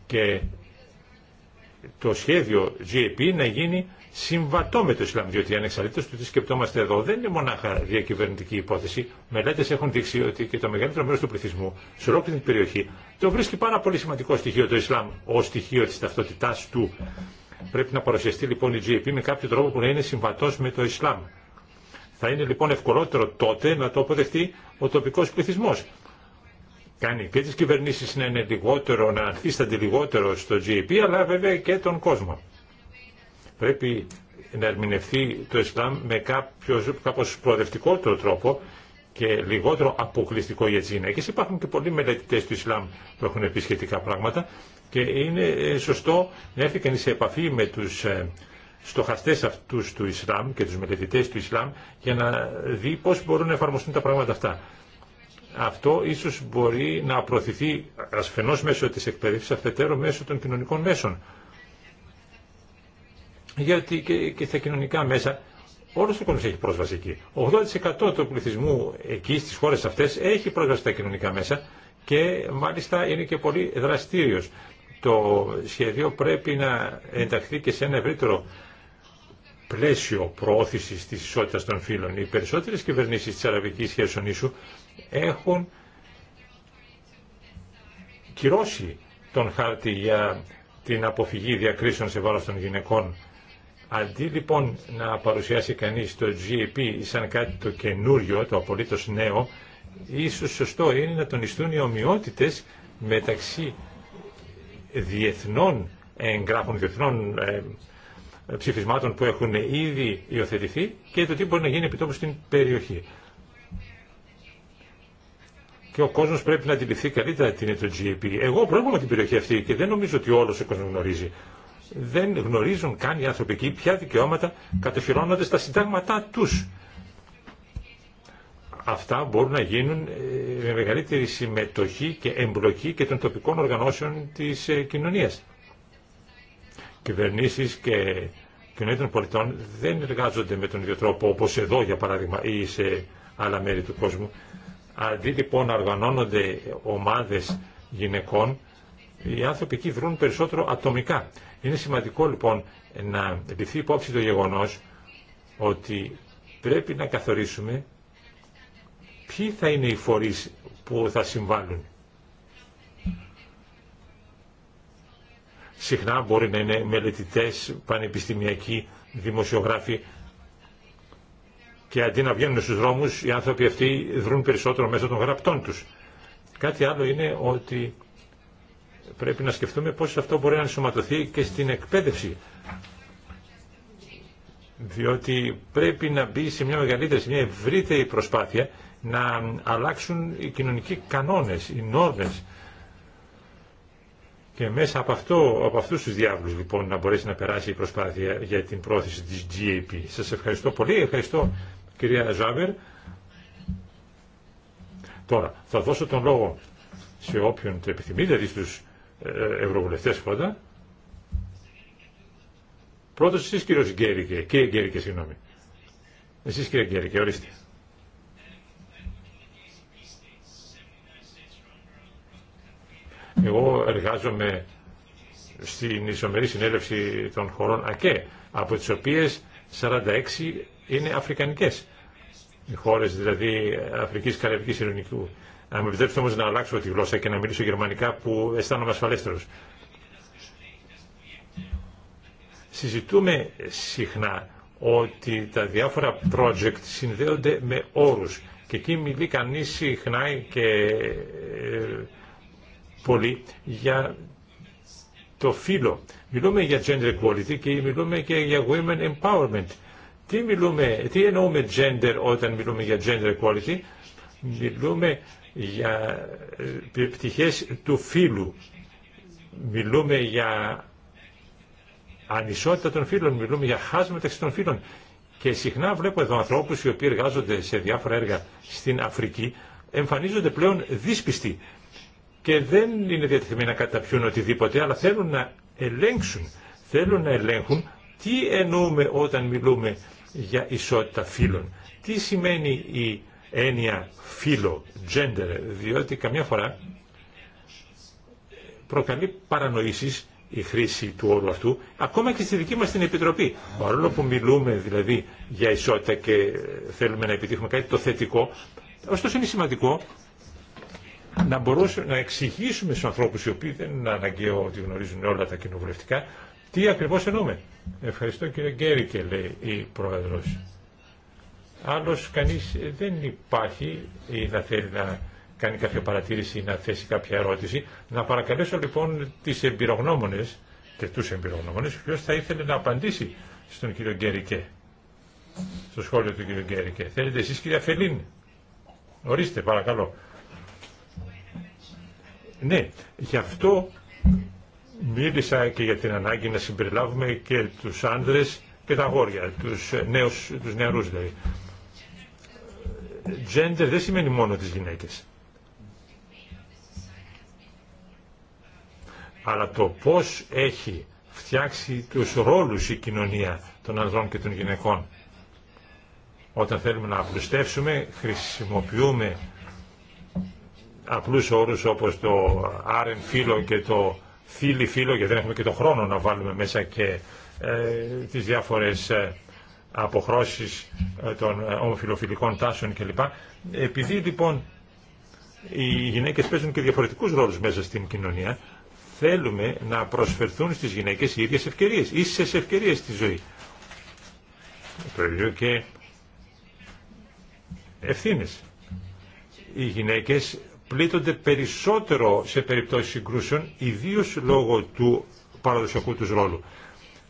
Και το σχέδιο GAP να γίνει συμβατό με το Ισλάμ, διότι ανεξαρτήτως του τι σκεπτόμαστε εδώ δεν είναι μονάχα διακυβερνητική υπόθεση. Μελέτε έχουν δείξει ότι και το μεγαλύτερο μέρο του πληθυσμού σε ολόκληρη την περιοχή το βρίσκει πάρα πολύ σημαντικό στοιχείο το Ισλάμ ω στοιχείο της ταυτότητάς του. Πρέπει να παρουσιαστεί λοιπόν η GAP με κάποιο τρόπο που να είναι συμβατό με το Ισλάμ. Θα είναι λοιπόν ευκολότερο τότε να το αποδεχτεί ο τοπικό πληθυσμό κάνει και τις κυβερνήσεις να είναι λιγότερο, να ανθίστανται λιγότερο στο GDP, αλλά βέβαια και τον κόσμο. Πρέπει να ερμηνευτεί το Ισλάμ με κάποιο, κάπως προοδευτικότερο τρόπο και λιγότερο αποκλειστικό για τις γυναίκες. Υπάρχουν και πολλοί μελετητές του Ισλάμ που έχουν πει σχετικά πράγματα και είναι ε, σωστό να έρθει κανείς σε επαφή με τους ε, στοχαστές αυτούς του Ισλάμ και τους μελετητές του Ισλάμ για να δει πώς μπορούν να εφαρμοστούν τα πράγματα αυτά αυτό ίσως μπορεί να προωθηθεί ασφενώ μέσω τη εκπαίδευση αφετέρου μέσω των κοινωνικών μέσων. Γιατί και, και στα κοινωνικά μέσα όλος ο κόσμος έχει πρόσβαση εκεί. 80% του πληθυσμού εκεί στις χώρε αυτές έχει πρόσβαση στα κοινωνικά μέσα και μάλιστα είναι και πολύ δραστήριος. Το σχέδιο πρέπει να ενταχθεί και σε ένα ευρύτερο πλαίσιο προώθηση τη ισότητα των φύλων. Οι περισσότερες κυβερνήσεις της Αραβική Χερσονήσου έχουν κυρώσει τον χάρτη για την αποφυγή διακρίσεων σε βάρος των γυναικών. Αντί λοιπόν να παρουσιάσει κανείς το GEP σαν κάτι το καινούριο, το απολύτως νέο, ίσως σωστό είναι να τονιστούν οι ομοιότητες μεταξύ διεθνών εγγράφων, διεθνών ε, ψηφισμάτων που έχουν ήδη υιοθετηθεί και το τι μπορεί να γίνει επιτόπου στην περιοχή και ο κόσμο πρέπει να αντιληφθεί καλύτερα τι είναι το GAP. Εγώ προέρχομαι από την περιοχή αυτή και δεν νομίζω ότι όλο ο κόσμο γνωρίζει. Δεν γνωρίζουν καν οι άνθρωποι εκεί ποια δικαιώματα κατοχυρώνονται στα συντάγματά του. Αυτά μπορούν να γίνουν ε, με μεγαλύτερη συμμετοχή και εμπλοκή και των τοπικών οργανώσεων τη ε, κοινωνία. Κυβερνήσει και κοινωνία των πολιτών δεν εργάζονται με τον ίδιο τρόπο όπω εδώ για παράδειγμα ή σε άλλα μέρη του κόσμου. Αντί λοιπόν να οργανώνονται ομάδες γυναικών, οι άνθρωποι εκεί βρούν περισσότερο ατομικά. Είναι σημαντικό λοιπόν να ληφθεί υπόψη το γεγονός ότι πρέπει να καθορίσουμε ποιοι θα είναι οι φορείς που θα συμβάλλουν. Συχνά μπορεί να είναι μελετητές, πανεπιστημιακοί, δημοσιογράφοι, και αντί να βγαίνουν στους δρόμους οι άνθρωποι αυτοί δρούν περισσότερο μέσω των γραπτών τους. Κάτι άλλο είναι ότι πρέπει να σκεφτούμε πώς αυτό μπορεί να ενσωματωθεί και στην εκπαίδευση. Διότι πρέπει να μπει σε μια μεγαλύτερη, σε μια ευρύτερη προσπάθεια να αλλάξουν οι κοινωνικοί κανόνες, οι νόρμες. Και μέσα από, αυτό, από αυτούς τους διάβλους λοιπόν να μπορέσει να περάσει η προσπάθεια για την πρόθεση της GAP. Σας ευχαριστώ πολύ, ευχαριστώ κυρία Ζάβερ. Τώρα, θα δώσω τον λόγο σε όποιον το επιθυμεί, δηλαδή στους ε, ευρωβουλευτές πρώτα. Πρώτος εσείς κύριος Γκέρικε, κύριε Γκέρικε, συγγνώμη. Εσείς κύριε Γκέρικε, ορίστε. Εγώ εργάζομαι στην Ισομερή Συνέλευση των χωρών ΑΚΕ, από τις οποίες 46 είναι Αφρικανικέ Οι χώρες δηλαδή Αφρική Καραϊβική, Ειρηνικού. Αν με επιτρέψετε όμω να αλλάξω τη γλώσσα και να μιλήσω γερμανικά που αισθάνομαι ασφαλέστερο. Συζητούμε συχνά ότι τα διάφορα project συνδέονται με όρους και εκεί μιλεί κανείς συχνά και ε, πολύ για το φύλλο. Μιλούμε για gender equality και μιλούμε και για women empowerment. Τι, μιλούμε, τι εννοούμε gender όταν μιλούμε για gender equality. Μιλούμε για ε, πτυχές του φύλου. Μιλούμε για ανισότητα των φύλων, μιλούμε για χάσμα μεταξύ των φύλων. Και συχνά βλέπω εδώ ανθρώπους οι οποίοι εργάζονται σε διάφορα έργα στην Αφρική, εμφανίζονται πλέον δύσπιστοι και δεν είναι διατεθειμένοι να καταπιούν οτιδήποτε, αλλά θέλουν να ελέγξουν, θέλουν να ελέγχουν τι εννοούμε όταν μιλούμε για ισότητα φύλων. Τι σημαίνει η έννοια φύλο, gender, διότι καμιά φορά προκαλεί παρανοήσεις η χρήση του όρου αυτού, ακόμα και στη δική μας την Επιτροπή. Παρόλο που μιλούμε δηλαδή για ισότητα και θέλουμε να επιτύχουμε κάτι το θετικό, ωστόσο είναι σημαντικό να μπορούμε να εξηγήσουμε στους ανθρώπους οι οποίοι δεν είναι αναγκαίο ότι γνωρίζουν όλα τα κοινοβουλευτικά, τι ακριβώς εννοούμε. Ευχαριστώ κύριε Γκέρικε, λέει η πρόεδρο. Άλλο κανείς ε, δεν υπάρχει ή να θέλει να κάνει κάποια παρατήρηση ή να θέσει κάποια ερώτηση. Να παρακαλέσω λοιπόν τις εμπειρογνώμονες και του εμπειρογνώμονες, ποιο θα ήθελε να απαντήσει στον κύριο Γκέρικε, στο σχόλιο του κύριου Γκέρικε. Θέλετε εσεί κύριε Αφελίν. Ορίστε παρακαλώ. Ναι, γι' αυτό Μίλησα και για την ανάγκη να συμπεριλάβουμε και τους άντρες και τα αγόρια, τους, νέους, τους νεαρούς δηλαδή. Gender δεν σημαίνει μόνο τις γυναίκες. Αλλά το πώς έχει φτιάξει τους ρόλους η κοινωνία των ανδρών και των γυναικών. Όταν θέλουμε να απλουστεύσουμε, χρησιμοποιούμε απλούς όρους όπως το άρεν φύλλο και το φίλοι φίλο, γιατί δεν έχουμε και τον χρόνο να βάλουμε μέσα και ε, τις διάφορες ε, αποχρώσεις ε, των ε, ομοφιλοφιλικών τάσεων κλπ. Επειδή λοιπόν οι γυναίκες παίζουν και διαφορετικούς ρόλους μέσα στην κοινωνία, θέλουμε να προσφερθούν στις γυναίκες οι ίδιες ευκαιρίες, ίσες ευκαιρίες στη ζωή. ίδιο και ευθύνες. Οι γυναίκες πλήττονται περισσότερο σε περιπτώσεις συγκρούσεων, ιδίως λόγω του παραδοσιακού του ρόλου.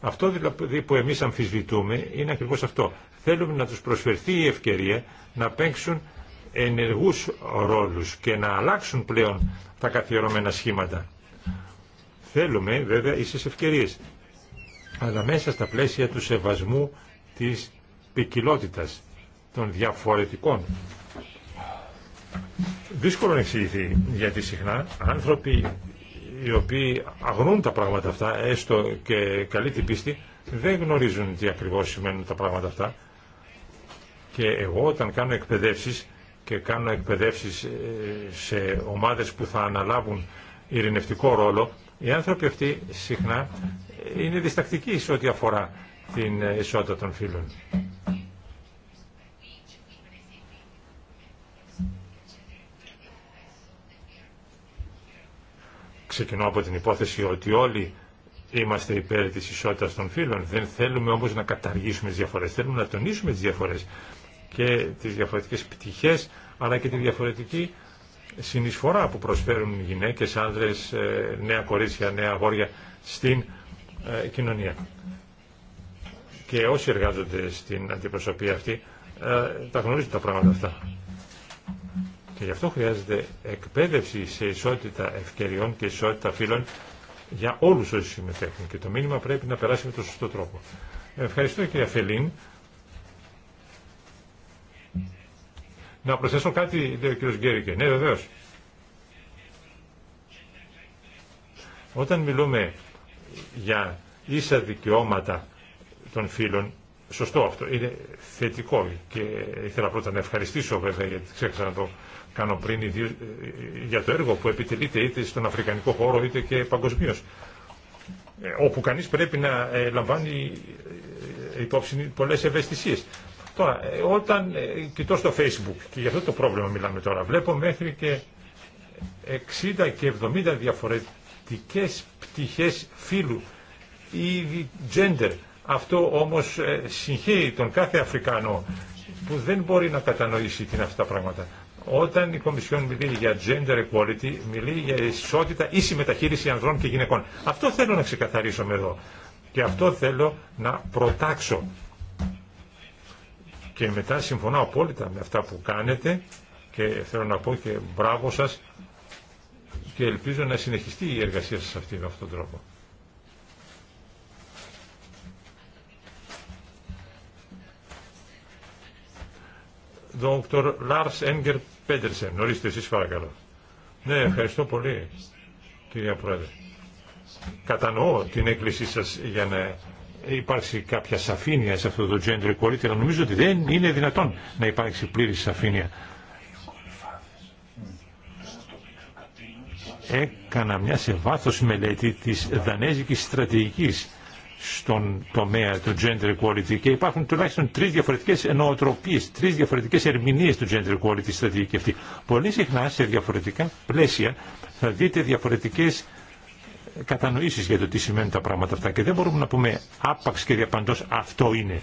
Αυτό δηλαδή που εμείς αμφισβητούμε είναι ακριβώς αυτό. Θέλουμε να τους προσφερθεί η ευκαιρία να παίξουν ενεργούς ρόλους και να αλλάξουν πλέον τα καθιερωμένα σχήματα. Θέλουμε βέβαια ίσες ευκαιρίες, αλλά μέσα στα πλαίσια του σεβασμού της ποικιλότητα των διαφορετικών δύσκολο να εξηγηθεί, γιατί συχνά άνθρωποι οι οποίοι αγνούν τα πράγματα αυτά, έστω και καλή την πίστη, δεν γνωρίζουν τι ακριβώς σημαίνουν τα πράγματα αυτά. Και εγώ όταν κάνω εκπαιδεύσεις και κάνω εκπαιδεύσεις ε, σε ομάδες που θα αναλάβουν ειρηνευτικό ρόλο, οι άνθρωποι αυτοί συχνά ε, είναι διστακτικοί σε ό,τι αφορά την ε, ισότητα των φίλων. Ξεκινώ από την υπόθεση ότι όλοι είμαστε υπέρ της ισότητας των φίλων. Δεν θέλουμε όμως να καταργήσουμε τις διαφορές. Θέλουμε να τονίσουμε τις διαφορές και τις διαφορετικές πτυχές, αλλά και τη διαφορετική συνεισφορά που προσφέρουν γυναίκες, άνδρες, ε, νέα κορίτσια, νέα αγόρια στην ε, κοινωνία. Και όσοι εργάζονται στην αντιπροσωπή αυτή ε, τα γνωρίζουν τα πράγματα αυτά. Και γι' αυτό χρειάζεται εκπαίδευση σε ισότητα ευκαιριών και ισότητα φύλων για όλου όσου συμμετέχουν. Και το μήνυμα πρέπει να περάσει με τον σωστό τρόπο. Ευχαριστώ κυρία Φελίν. Να προσθέσω κάτι, λέει ο κύριος Γκέρικε. Ναι, βεβαίω. Όταν μιλούμε για ίσα δικαιώματα των φίλων, σωστό αυτό, είναι θετικό και ήθελα πρώτα να ευχαριστήσω βέβαια γιατί ξέχασα να το κάνω πριν ε, ε, για το έργο που επιτελείται είτε στον Αφρικανικό χώρο είτε και παγκοσμίω. Ε, όπου κανείς πρέπει να λαμβάνει υπόψη πολλές ευαισθησίες. Τώρα, όταν κοιτώ στο Facebook, και για αυτό το πρόβλημα μιλάμε τώρα, βλέπω μέχρι και 60 και 70 διαφορετικές πτυχές φύλου ή gender. Αυτό όμως συγχαίει τον κάθε Αφρικανό που δεν μπορεί να κατανοήσει τι είναι αυτά τα πράγματα. Όταν η Κομισιόν μιλεί για gender equality, μιλεί για ισότητα ή συμμεταχείριση ανδρών και γυναικών. Αυτό θέλω να ξεκαθαρίσω με εδώ. Και αυτό θέλω να προτάξω. Και μετά συμφωνώ απόλυτα με αυτά που κάνετε και θέλω να πω και μπράβο σας και ελπίζω να συνεχιστεί η εργασία σας αυτή με αυτόν τον τρόπο. Dr. Lars Engert Πέντερσεν, ορίστε εσείς παρακαλώ. Ναι, ευχαριστώ πολύ, κυρία Πρόεδρε. Κατανοώ την έκκλησή σας για να υπάρξει κάποια σαφήνεια σε αυτό το gender equality, αλλά νομίζω ότι δεν είναι δυνατόν να υπάρξει πλήρη σαφήνεια. Έκανα μια σε βάθος μελέτη της δανέζικης στρατηγικής στον τομέα του gender equality και υπάρχουν τουλάχιστον τρεις διαφορετικές νοοτροπίες, τρεις διαφορετικές ερμηνείες του gender equality στα στρατηγική αυτή. Πολύ συχνά σε διαφορετικά πλαίσια θα δείτε διαφορετικές κατανοήσεις για το τι σημαίνουν τα πράγματα αυτά και δεν μπορούμε να πούμε άπαξ και διαπαντός αυτό είναι.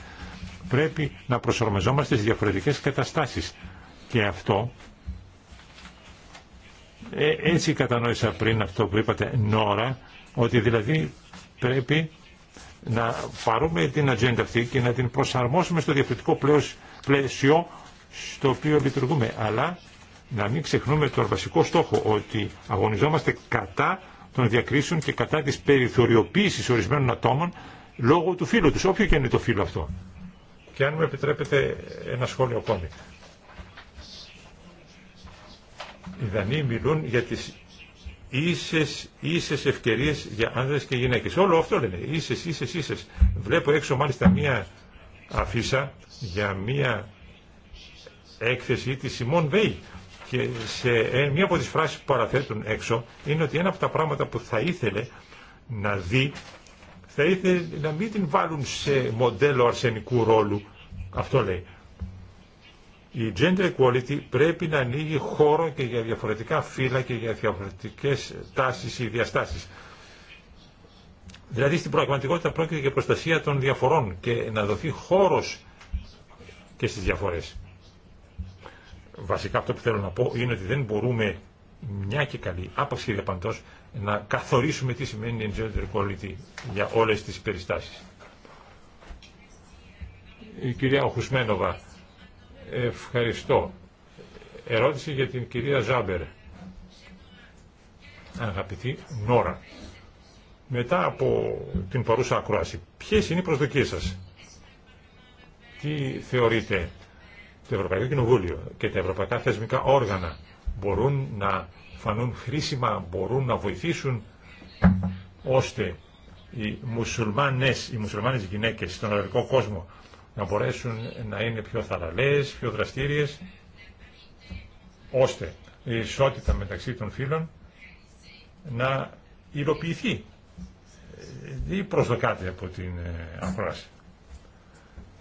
Πρέπει να προσαρμοζόμαστε στις διαφορετικές καταστάσεις και αυτό ε, έτσι κατανόησα πριν αυτό που είπατε Νόρα ότι δηλαδή πρέπει να πάρουμε την ατζέντα αυτή και να την προσαρμόσουμε στο διαφορετικό πλαίσιο στο οποίο λειτουργούμε. Αλλά να μην ξεχνούμε τον βασικό στόχο ότι αγωνιζόμαστε κατά των διακρίσεων και κατά της περιθωριοποίησης ορισμένων ατόμων λόγω του φίλου τους, όποιο και είναι το φίλο αυτό. Και αν μου επιτρέπετε ένα σχόλιο ακόμη. Οι Δανείοι μιλούν για τις ίσες, ίσες ευκαιρίες για άνδρες και γυναίκες. Όλο αυτό λένε, ίσες, ίσες, ίσες. Βλέπω έξω μάλιστα μία αφίσα για μία έκθεση της Σιμών Βέη και σε ε, μία από τις φράσεις που παραθέτουν έξω είναι ότι ένα από τα πράγματα που θα ήθελε να δει θα ήθελε να μην την βάλουν σε μοντέλο αρσενικού ρόλου αυτό λέει η gender equality πρέπει να ανοίγει χώρο και για διαφορετικά φύλλα και για διαφορετικές τάσεις ή διαστάσεις. Δηλαδή στην πραγματικότητα πρόκειται για προστασία των διαφορών και να δοθεί χώρος και στις διαφορές. Βασικά αυτό που θέλω να πω είναι ότι δεν μπορούμε μια και καλή άποψη για να καθορίσουμε τι σημαίνει gender equality για όλες τις περιστάσεις. Η κυρία Οχουσμένοβα Ευχαριστώ. Ερώτηση για την κυρία Ζάμπερ. Αγαπητή Νόρα, μετά από την παρούσα ακρόαση, ποιες είναι οι προσδοκίες σας. Τι θεωρείτε το Ευρωπαϊκό Κοινοβούλιο και τα ευρωπαϊκά θεσμικά όργανα μπορούν να φανούν χρήσιμα, μπορούν να βοηθήσουν ώστε οι μουσουλμάνες, οι μουσουλμάνες γυναίκες στον αραβικό κόσμο να μπορέσουν να είναι πιο θαραλέες, πιο δραστήριες, ώστε η ισότητα μεταξύ των φίλων να υλοποιηθεί. Δεν προσδοκάτε από την ε, αφράση.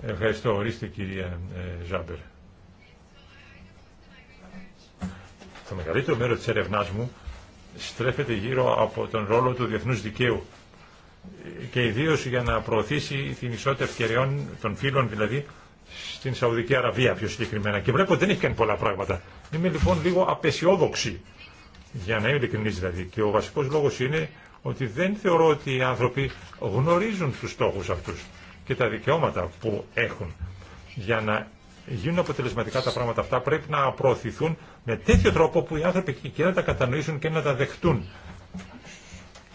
Ευχαριστώ. Ορίστε κυρία ε, Ζάμπερ. Το μεγαλύτερο μέρος της έρευνάς μου στρέφεται γύρω από τον ρόλο του διεθνούς δικαίου και ιδίω για να προωθήσει την ισότητα ευκαιριών των φίλων δηλαδή στην Σαουδική Αραβία πιο συγκεκριμένα. Και βλέπω ότι δεν έχει κάνει πολλά πράγματα. Είμαι λοιπόν λίγο απεσιόδοξη, για να είμαι ειλικρινή δηλαδή. Και ο βασικό λόγο είναι ότι δεν θεωρώ ότι οι άνθρωποι γνωρίζουν του στόχου αυτού και τα δικαιώματα που έχουν. Για να γίνουν αποτελεσματικά τα πράγματα αυτά πρέπει να προωθηθούν με τέτοιο τρόπο που οι άνθρωποι και να τα κατανοήσουν και να τα δεχτούν.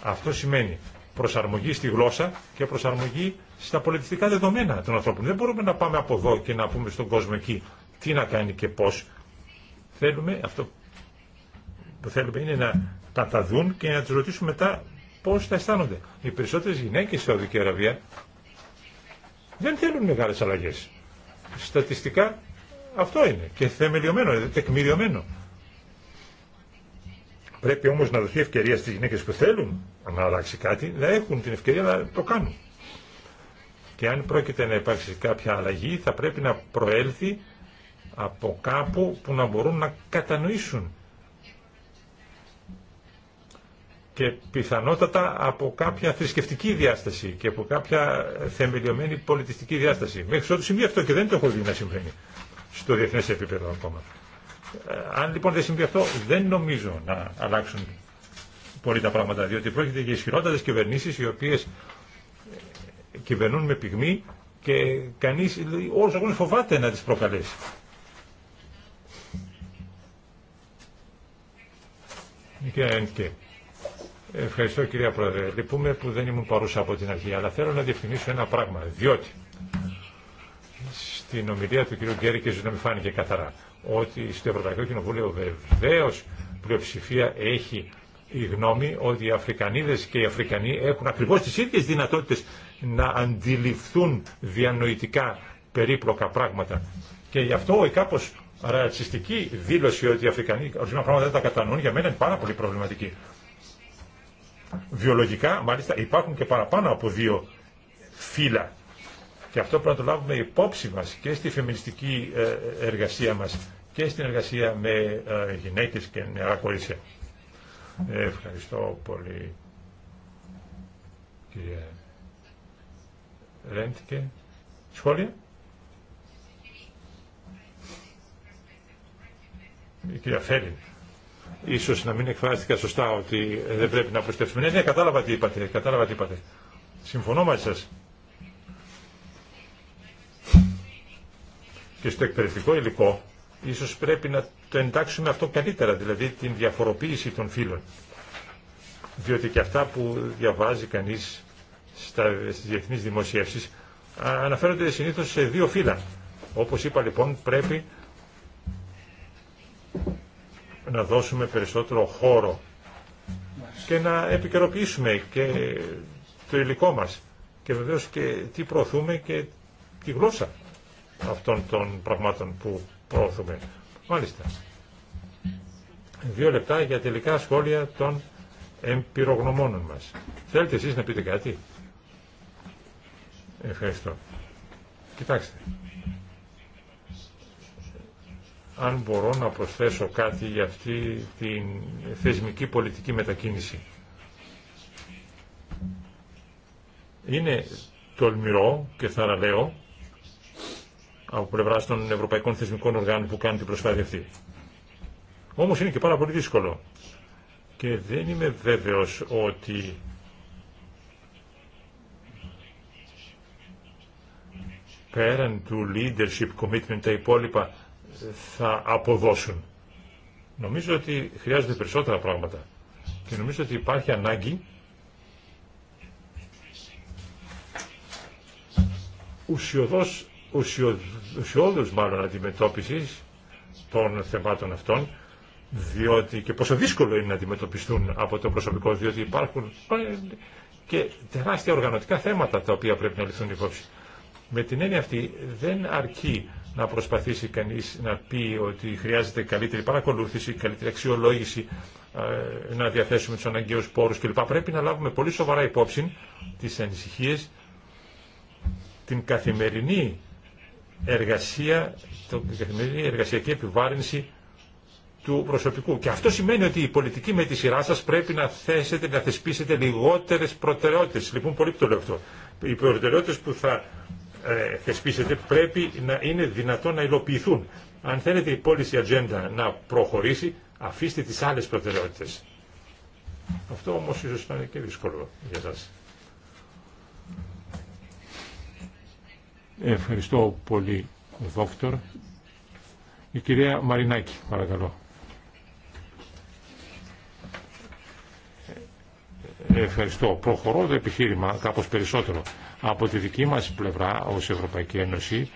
Αυτό σημαίνει προσαρμογή στη γλώσσα και προσαρμογή στα πολιτιστικά δεδομένα των ανθρώπων. Δεν μπορούμε να πάμε από εδώ και να πούμε στον κόσμο εκεί τι να κάνει και πώς. Θέλουμε, αυτό που θέλουμε είναι να τα, τα δουν και να τους ρωτήσουμε μετά πώς τα αισθάνονται. Οι περισσότερες γυναίκες στη Σαουδική Αραβία δεν θέλουν μεγάλες αλλαγές. Στατιστικά αυτό είναι και θεμελιωμένο, τεκμηριωμένο. Πρέπει όμως να δοθεί ευκαιρία στις γυναίκες που θέλουν να αλλάξει κάτι, να έχουν την ευκαιρία να το κάνουν. Και αν πρόκειται να υπάρξει κάποια αλλαγή, θα πρέπει να προέλθει από κάπου που να μπορούν να κατανοήσουν. Και πιθανότατα από κάποια θρησκευτική διάσταση και από κάποια θεμελιωμένη πολιτιστική διάσταση. Μέχρι ότου σημείο αυτό και δεν το έχω δει να συμβαίνει στο διεθνές επίπεδο ακόμα. Αν λοιπόν δεν συμβεί αυτό, δεν νομίζω να αλλάξουν πολύ τα πράγματα, διότι πρόκειται για ισχυρότατε κυβερνήσει οι οποίε ε, κυβερνούν με πυγμή και κανεί, όλο ο φοβάται να τι προκαλέσει. Ευχαριστώ κυρία Πρόεδρε. Λυπούμε που δεν ήμουν παρούσα από την αρχή, αλλά θέλω να διευκρινίσω ένα πράγμα. Διότι στην ομιλία του κ. ζωή να μην φάνηκε καθαρά ότι στο Ευρωπαϊκό Κοινοβούλιο βεβαίω πλειοψηφία έχει η γνώμη ότι οι Αφρικανίδε και οι Αφρικανοί έχουν ακριβώ τι ίδιε δυνατότητε να αντιληφθούν διανοητικά περίπλοκα πράγματα. Και γι' αυτό η κάπω ρατσιστική δήλωση ότι οι Αφρικανοί ορισμένα πράγματα δεν τα κατανοούν για μένα είναι πάρα πολύ προβληματική. Βιολογικά, μάλιστα, υπάρχουν και παραπάνω από δύο φύλλα και αυτό πρέπει να το λάβουμε υπόψη μας και στη φεμινιστική ε, εργασία μας και στην εργασία με ε, γυναίκες και νεαρά κορίτσια. Ε, ευχαριστώ πολύ κυρία Ρέντκε. Σχόλια. Η κυρία Φέλιν. Ίσως να μην εκφράστηκα σωστά ότι δεν πρέπει να προστατεύσουμε. Ναι, ναι, κατάλαβα τι είπατε, κατάλαβα τι είπατε. Συμφωνώ μαζί σας. και στο εκπαιδευτικό υλικό ίσως πρέπει να το εντάξουμε αυτό καλύτερα, δηλαδή την διαφοροποίηση των φύλων. Διότι και αυτά που διαβάζει κανείς στις διεθνείς δημοσίευσεις αναφέρονται συνήθως σε δύο φύλλα. Όπως είπα λοιπόν πρέπει να δώσουμε περισσότερο χώρο και να επικαιροποιήσουμε και το υλικό μας και βεβαίως και τι προωθούμε και τη γλώσσα αυτών των πραγμάτων που προωθούμε. Μάλιστα. Δύο λεπτά για τελικά σχόλια των εμπειρογνωμόνων μας. Θέλετε εσείς να πείτε κάτι. Ευχαριστώ. Κοιτάξτε. Αν μπορώ να προσθέσω κάτι για αυτή την θεσμική πολιτική μετακίνηση. Είναι τολμηρό και θαραλέο από πλευρά των ευρωπαϊκών θεσμικών οργάνων που κάνουν την προσπάθεια αυτή. Όμω είναι και πάρα πολύ δύσκολο. Και δεν είμαι βέβαιος ότι πέραν του leadership commitment τα υπόλοιπα θα αποδώσουν. Νομίζω ότι χρειάζονται περισσότερα πράγματα και νομίζω ότι υπάρχει ανάγκη ουσιοδός ουσιώδους μάλλον αντιμετώπισης των θεμάτων αυτών διότι και πόσο δύσκολο είναι να αντιμετωπιστούν από το προσωπικό διότι υπάρχουν και τεράστια οργανωτικά θέματα τα οποία πρέπει να ληφθούν υπόψη. Με την έννοια αυτή δεν αρκεί να προσπαθήσει κανείς να πει ότι χρειάζεται καλύτερη παρακολούθηση, καλύτερη αξιολόγηση, ε, να διαθέσουμε τους αναγκαίους πόρους κλπ. Πρέπει να λάβουμε πολύ σοβαρά υπόψη τις ανησυχίες, την καθημερινή εργασία, την καθημερινή εργασιακή επιβάρυνση του προσωπικού. Και αυτό σημαίνει ότι η πολιτική με τη σειρά σα πρέπει να θέσετε, να θεσπίσετε λιγότερε προτεραιότητε. Λοιπόν, πολύ το λέω αυτό. Οι προτεραιότητε που θα ε, θεσπίσετε πρέπει να είναι δυνατόν να υλοποιηθούν. Αν θέλετε η policy ατζέντα να προχωρήσει, αφήστε τι άλλε προτεραιότητε. Αυτό όμω ίσω να είναι και δύσκολο για σας. Ευχαριστώ πολύ, Δόκτωρ. Η κυρία Μαρινάκη, παρακαλώ. Ευχαριστώ. Προχωρώ το επιχείρημα κάπως περισσότερο. Από τη δική μας πλευρά ως Ευρωπαϊκή Ένωση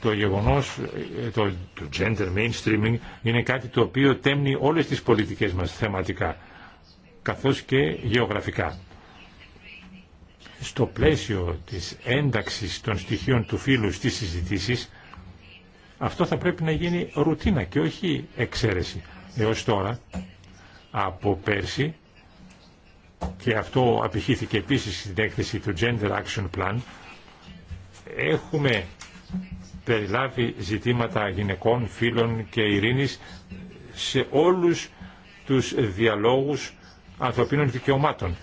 το γεγονός, ε, το, το gender mainstreaming είναι κάτι το οποίο τέμνει όλες τις πολιτικές μας θεματικά καθώς και γεωγραφικά στο πλαίσιο της ένταξης των στοιχείων του φύλου στις συζητήσεις, αυτό θα πρέπει να γίνει ρουτίνα και όχι εξαίρεση. Έως τώρα, από πέρσι, και αυτό απηχήθηκε επίσης στην έκθεση του Gender Action Plan, έχουμε περιλάβει ζητήματα γυναικών, φίλων και ειρήνης σε όλους τους διαλόγους ανθρωπίνων δικαιωμάτων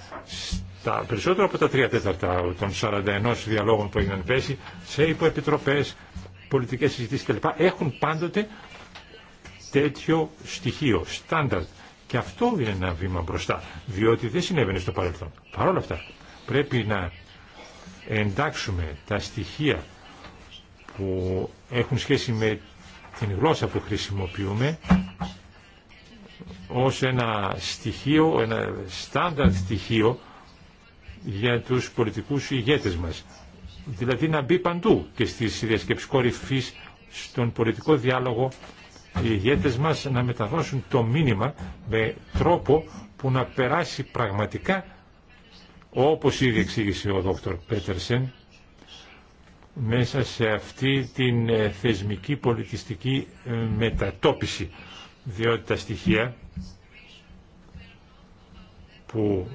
τα περισσότερα από τα τρία τέταρτα των 41 διαλόγων που έγιναν πέρσι σε υποεπιτροπές, πολιτικές συζητήσεις κλπ. έχουν πάντοτε τέτοιο στοιχείο, στάνταρτ. Και αυτό είναι ένα βήμα μπροστά, διότι δεν συνέβαινε στο παρελθόν. Παρ' όλα αυτά, πρέπει να εντάξουμε τα στοιχεία που έχουν σχέση με την γλώσσα που χρησιμοποιούμε ως ένα στοιχείο, ένα στάνταρτ στοιχείο για τους πολιτικούς ηγέτες μας. Δηλαδή να μπει παντού και στις διασκέψεις κορυφής, στον πολιτικό διάλογο, οι ηγέτες μας να μεταδώσουν το μήνυμα με τρόπο που να περάσει πραγματικά, όπως ήδη εξήγησε ο δόκτωρ Πέτερσεν, μέσα σε αυτή την ε, θεσμική πολιτιστική ε, μετατόπιση, διότι τα στοιχεία που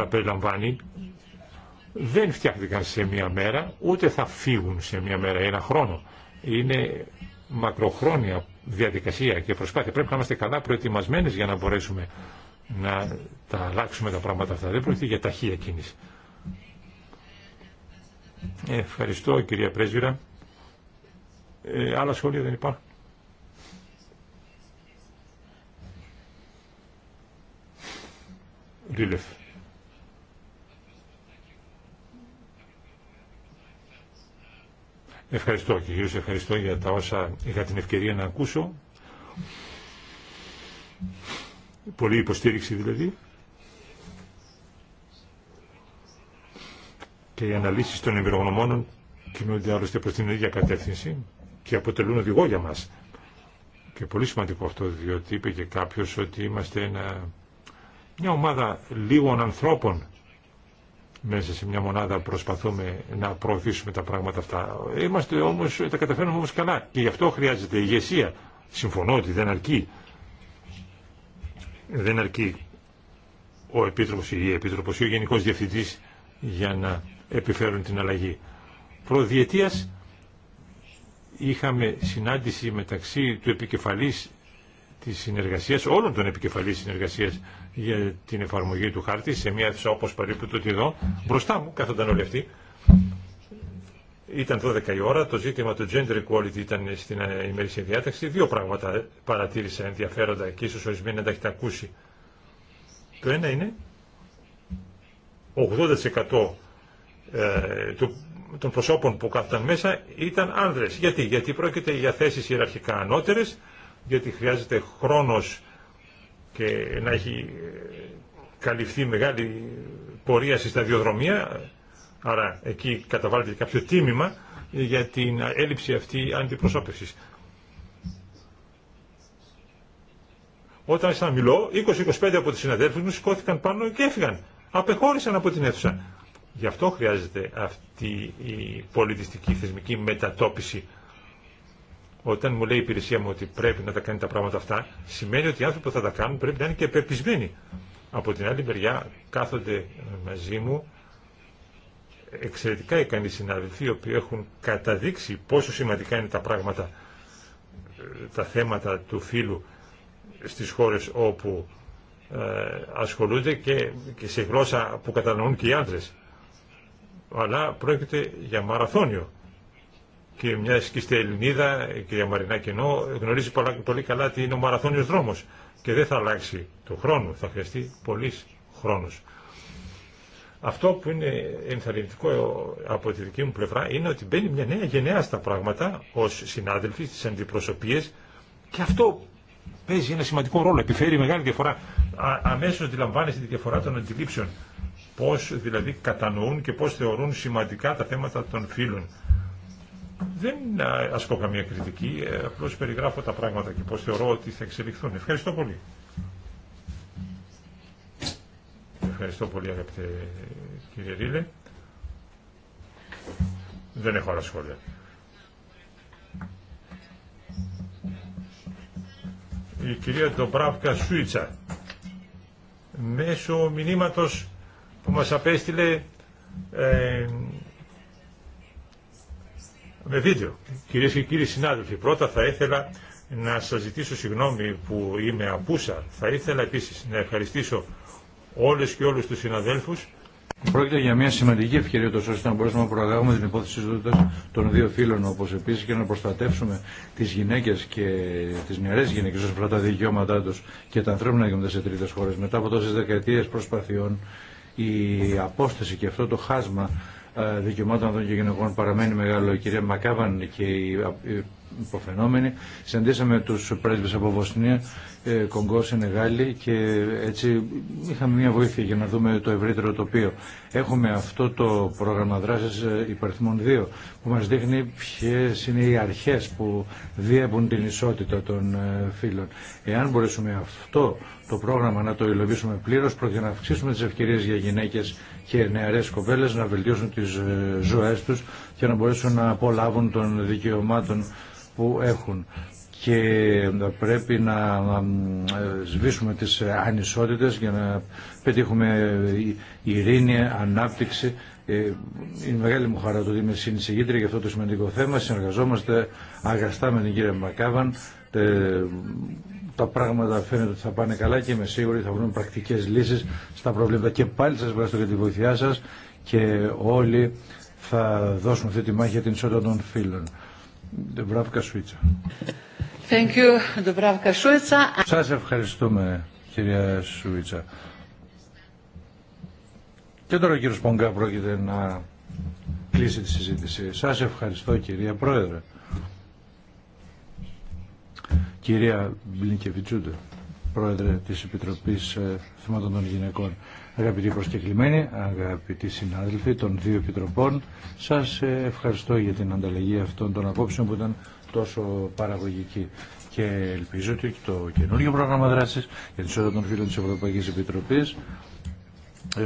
θα περιλαμβάνει δεν φτιάχτηκαν σε μία μέρα, ούτε θα φύγουν σε μία μέρα ή ένα χρόνο. Είναι μακροχρόνια διαδικασία και προσπάθεια. Πρέπει να είμαστε καλά προετοιμασμένοι για να μπορέσουμε να τα αλλάξουμε τα πράγματα αυτά. Δεν πρόκειται για ταχεία κίνηση. Ευχαριστώ κυρία Πρέσβυρα. Ε, άλλα σχόλια δεν υπάρχουν. Ευχαριστώ και ευχαριστώ για τα όσα είχα την ευκαιρία να ακούσω. Πολύ υποστήριξη δηλαδή. Και οι αναλύσεις των εμπειρογνωμόνων κινούνται άλλωστε προς την ίδια κατεύθυνση και αποτελούν οδηγό για μας. Και πολύ σημαντικό αυτό, διότι είπε και κάποιος ότι είμαστε ένα, μια ομάδα λίγων ανθρώπων μέσα σε μια μονάδα προσπαθούμε να προωθήσουμε τα πράγματα αυτά. Είμαστε όμως, τα καταφέρνουμε όμως καλά και γι' αυτό χρειάζεται ηγεσία. Συμφωνώ ότι δεν αρκεί. Δεν αρκεί ο Επίτροπος ή η Επίτροπος ή ο Γενικός Διευθυντής για να επιφέρουν την αλλαγή. Προδιετίας είχαμε συνάντηση μεταξύ του επικεφαλής τη συνεργασία, όλων των επικεφαλή συνεργασία για την εφαρμογή του χάρτη σε μια αίθουσα όπως περίπου τούτη εδώ. Μπροστά μου κάθονταν όλοι αυτοί. Ήταν 12 η ώρα, το ζήτημα του gender equality ήταν στην ημερήσια διάταξη. Δύο πράγματα παρατήρησα ενδιαφέροντα και ίσω ορισμένοι να τα έχετε ακούσει. Το ένα είναι 80% ε, των προσώπων που κάθονταν μέσα ήταν άνδρες. Γιατί, Γιατί πρόκειται για θέσεις ιεραρχικά ανώτερες γιατί χρειάζεται χρόνος και να έχει ε, καλυφθεί μεγάλη πορεία στη σταδιοδρομία, άρα εκεί καταβάλλεται κάποιο τίμημα για την έλλειψη αυτή αντιπροσώπευσης. σαν ήσταν μιλώ, 20-25 από τους συναδέλφους μου σηκώθηκαν πάνω και έφυγαν. Απεχώρησαν από την αίθουσα. Γι' αυτό χρειάζεται αυτή η πολιτιστική θεσμική μετατόπιση όταν μου λέει η υπηρεσία μου ότι πρέπει να τα κάνει τα πράγματα αυτά, σημαίνει ότι οι άνθρωποι που θα τα κάνουν πρέπει να είναι και πεπισμένοι. Από την άλλη μεριά κάθονται μαζί μου εξαιρετικά ικανοί συναδελφοί οι οποίοι έχουν καταδείξει πόσο σημαντικά είναι τα πράγματα τα θέματα του φίλου στις χώρες όπου ε, ασχολούνται και, και σε γλώσσα που κατανοούν και οι άντρες. Αλλά πρόκειται για μαραθώνιο και μια και στη Ελληνίδα, η κυρία Μαρινά Κενό, γνωρίζει πολύ καλά τι είναι ο μαραθώνιος δρόμος και δεν θα αλλάξει το χρόνο, θα χρειαστεί πολλή χρόνος. Αυτό που είναι ενθαρρυντικό από τη δική μου πλευρά είναι ότι μπαίνει μια νέα γενναία στα πράγματα ως συνάδελφοι στις αντιπροσωπείες και αυτό παίζει ένα σημαντικό ρόλο, επιφέρει μεγάλη διαφορά. Α, αμέσως αντιλαμβάνεσαι τη διαφορά των αντιλήψεων. Πώς δηλαδή κατανοούν και πώς θεωρούν σημαντικά τα θέματα των φίλων. Δεν ε, ασκώ καμία κριτική, ε, απλώς περιγράφω τα πράγματα και πώς θεωρώ ότι θα εξελιχθούν. Ευχαριστώ πολύ. Ευχαριστώ πολύ αγαπητέ κύριε Ρίλε. Δεν έχω άλλα σχόλια. Η κυρία Ντομπράβκα Σουίτσα μέσω μηνύματος που μας απέστειλε ε, με βίντεο. Κυρίε και κύριοι συνάδελφοι, πρώτα θα ήθελα να σα ζητήσω συγγνώμη που είμαι απούσα. Θα ήθελα επίση να ευχαριστήσω όλες και όλου του συναδέλφου. Πρόκειται για μια σημαντική ευκαιρία τόσο ώστε να μπορέσουμε να προαγάγουμε την υπόθεση ζωή των δύο φίλων όπω επίση και να προστατεύσουμε τι γυναίκε και τι νεαρές γυναίκε όσον αφορά τα δικαιώματά του και τα ανθρώπινα δικαιώματα σε τρίτε χώρε, Μετά από τόσε δεκαετίε προσπαθειών η απόσταση και αυτό το χάσμα ε, δικαιωμάτων των και γυναικών παραμένει μεγάλο. Η κυρία Μακάβαν και οι υποφαινόμενοι συναντήσαμε τους πρέσβες από Βοσνία ε, Κονγκό, Σενεγάλη και έτσι είχαμε μια βοήθεια για να δούμε το ευρύτερο τοπίο. Έχουμε αυτό το πρόγραμμα δράσης ε, υπαριθμών 2 που μας δείχνει ποιες είναι οι αρχές που διέπουν την ισότητα των ε, φίλων. Εάν μπορέσουμε αυτό το πρόγραμμα να το υλοποιήσουμε πλήρως πρόκειται να αυξήσουμε τις ευκαιρίες για γυναίκες και νεαρές κοπέλες να βελτιώσουν τις ζωές τους και να μπορέσουν να απολαύουν των δικαιωμάτων που έχουν και πρέπει να σβήσουμε τις ανισότητες για να πετύχουμε ειρήνη, ανάπτυξη. Είναι μεγάλη μου χαρά το ότι είμαι συνεισηγήτρια για αυτό το σημαντικό θέμα. Συνεργαζόμαστε αγαστά με την κυρία Μακάβαν. Ε, τα πράγματα φαίνεται ότι θα πάνε καλά και είμαι σίγουρη θα βρούμε πρακτικές λύσεις στα προβλήματα. Και πάλι σας ευχαριστώ για τη βοήθειά σας και όλοι θα δώσουμε αυτή τη μάχη για την ισότητα των φίλων. Σα Σας ευχαριστούμε, κυρία Σουίτσα. Και τώρα ο κύριος Πονγκά πρόκειται να κλείσει τη συζήτηση. Σας ευχαριστώ, κυρία Πρόεδρε. Κυρία Μπλινκεβιτσούντε. Πρόεδρε της Επιτροπής ε, Θεμάτων των Γυναικών. Αγαπητοί προσκεκλημένοι, αγαπητοί συνάδελφοι των δύο επιτροπών, σας ε, ευχαριστώ για την ανταλλαγή αυτών των απόψεων που ήταν τόσο παραγωγική. Και ελπίζω ότι το καινούργιο πρόγραμμα δράσης για την ισότητα των φίλων της Ευρωπαϊκής Επιτροπής ε,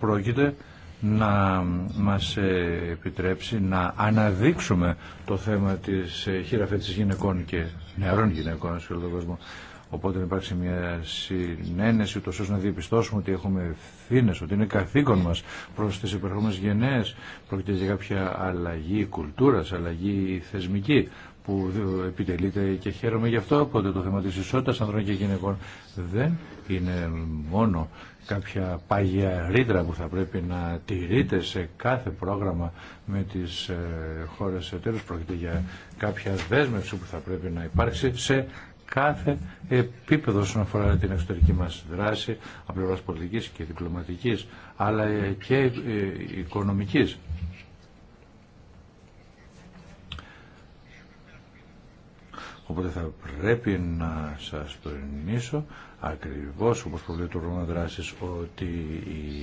πρόκειται να μας ε, επιτρέψει να αναδείξουμε το θέμα της χειραφέτησης γυναικών και νεαρών γυναικών σε όλο τον κόσμο. Οπότε να υπάρξει μια συνένεση ούτω ώστε να διαπιστώσουμε ότι έχουμε ευθύνε, ότι είναι καθήκον μα προ τι υπερχόμενες γενναίε. Πρόκειται για κάποια αλλαγή κουλτούρα, αλλαγή θεσμική που επιτελείται και χαίρομαι γι' αυτό. Οπότε το θέμα τη ισότητα ανδρών και γυναικών δεν είναι μόνο κάποια πάγια ρήτρα που θα πρέπει να τηρείται σε κάθε πρόγραμμα με τις ε, χώρες εταίρους. Πρόκειται για κάποια δέσμευση που θα πρέπει να υπάρξει σε κάθε επίπεδο όσον αφορά την εξωτερική μας δράση, απλώς πολιτική πολιτικής και διπλωματικής, αλλά ε, και ε, οικονομικής. Οπότε θα πρέπει να σας τονίσω ακριβώς όπως προβλέπει το πρόγραμμα δράσης ότι οι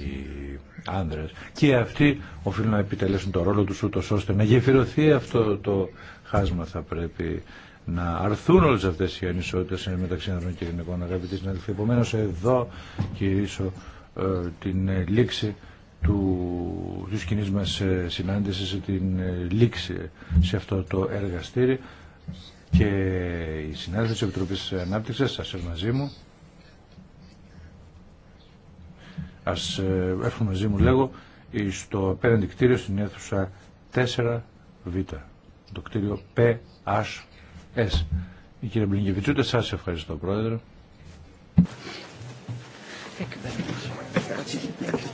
άνδρες και αυτοί οφείλουν να επιτελέσουν το ρόλο τους ούτως ώστε να γεφυρωθεί αυτό το χάσμα θα πρέπει να αρθούν όλες αυτές οι ανισότητες μεταξύ ανδρών και γυναικών αγαπητοί συνάδελφοι. Επομένω εδώ κηρύσω ε, την ε, λήξη του, κοινή μα μας ε, συνάντησης, την ε, λήξη σε αυτό το εργαστήρι και η συνάδελφοι της Επιτροπής Ανάπτυξης σας έρθουν μαζί μου. Ας ε, έρθουν μαζί μου λέγω στο απέναντι κτίριο στην αίθουσα 4β, το κτίριο PH Εσ. Η κυρία Μπλυνκεβιτσούτε, σας ευχαριστώ πρόεδρε. Thank you very much.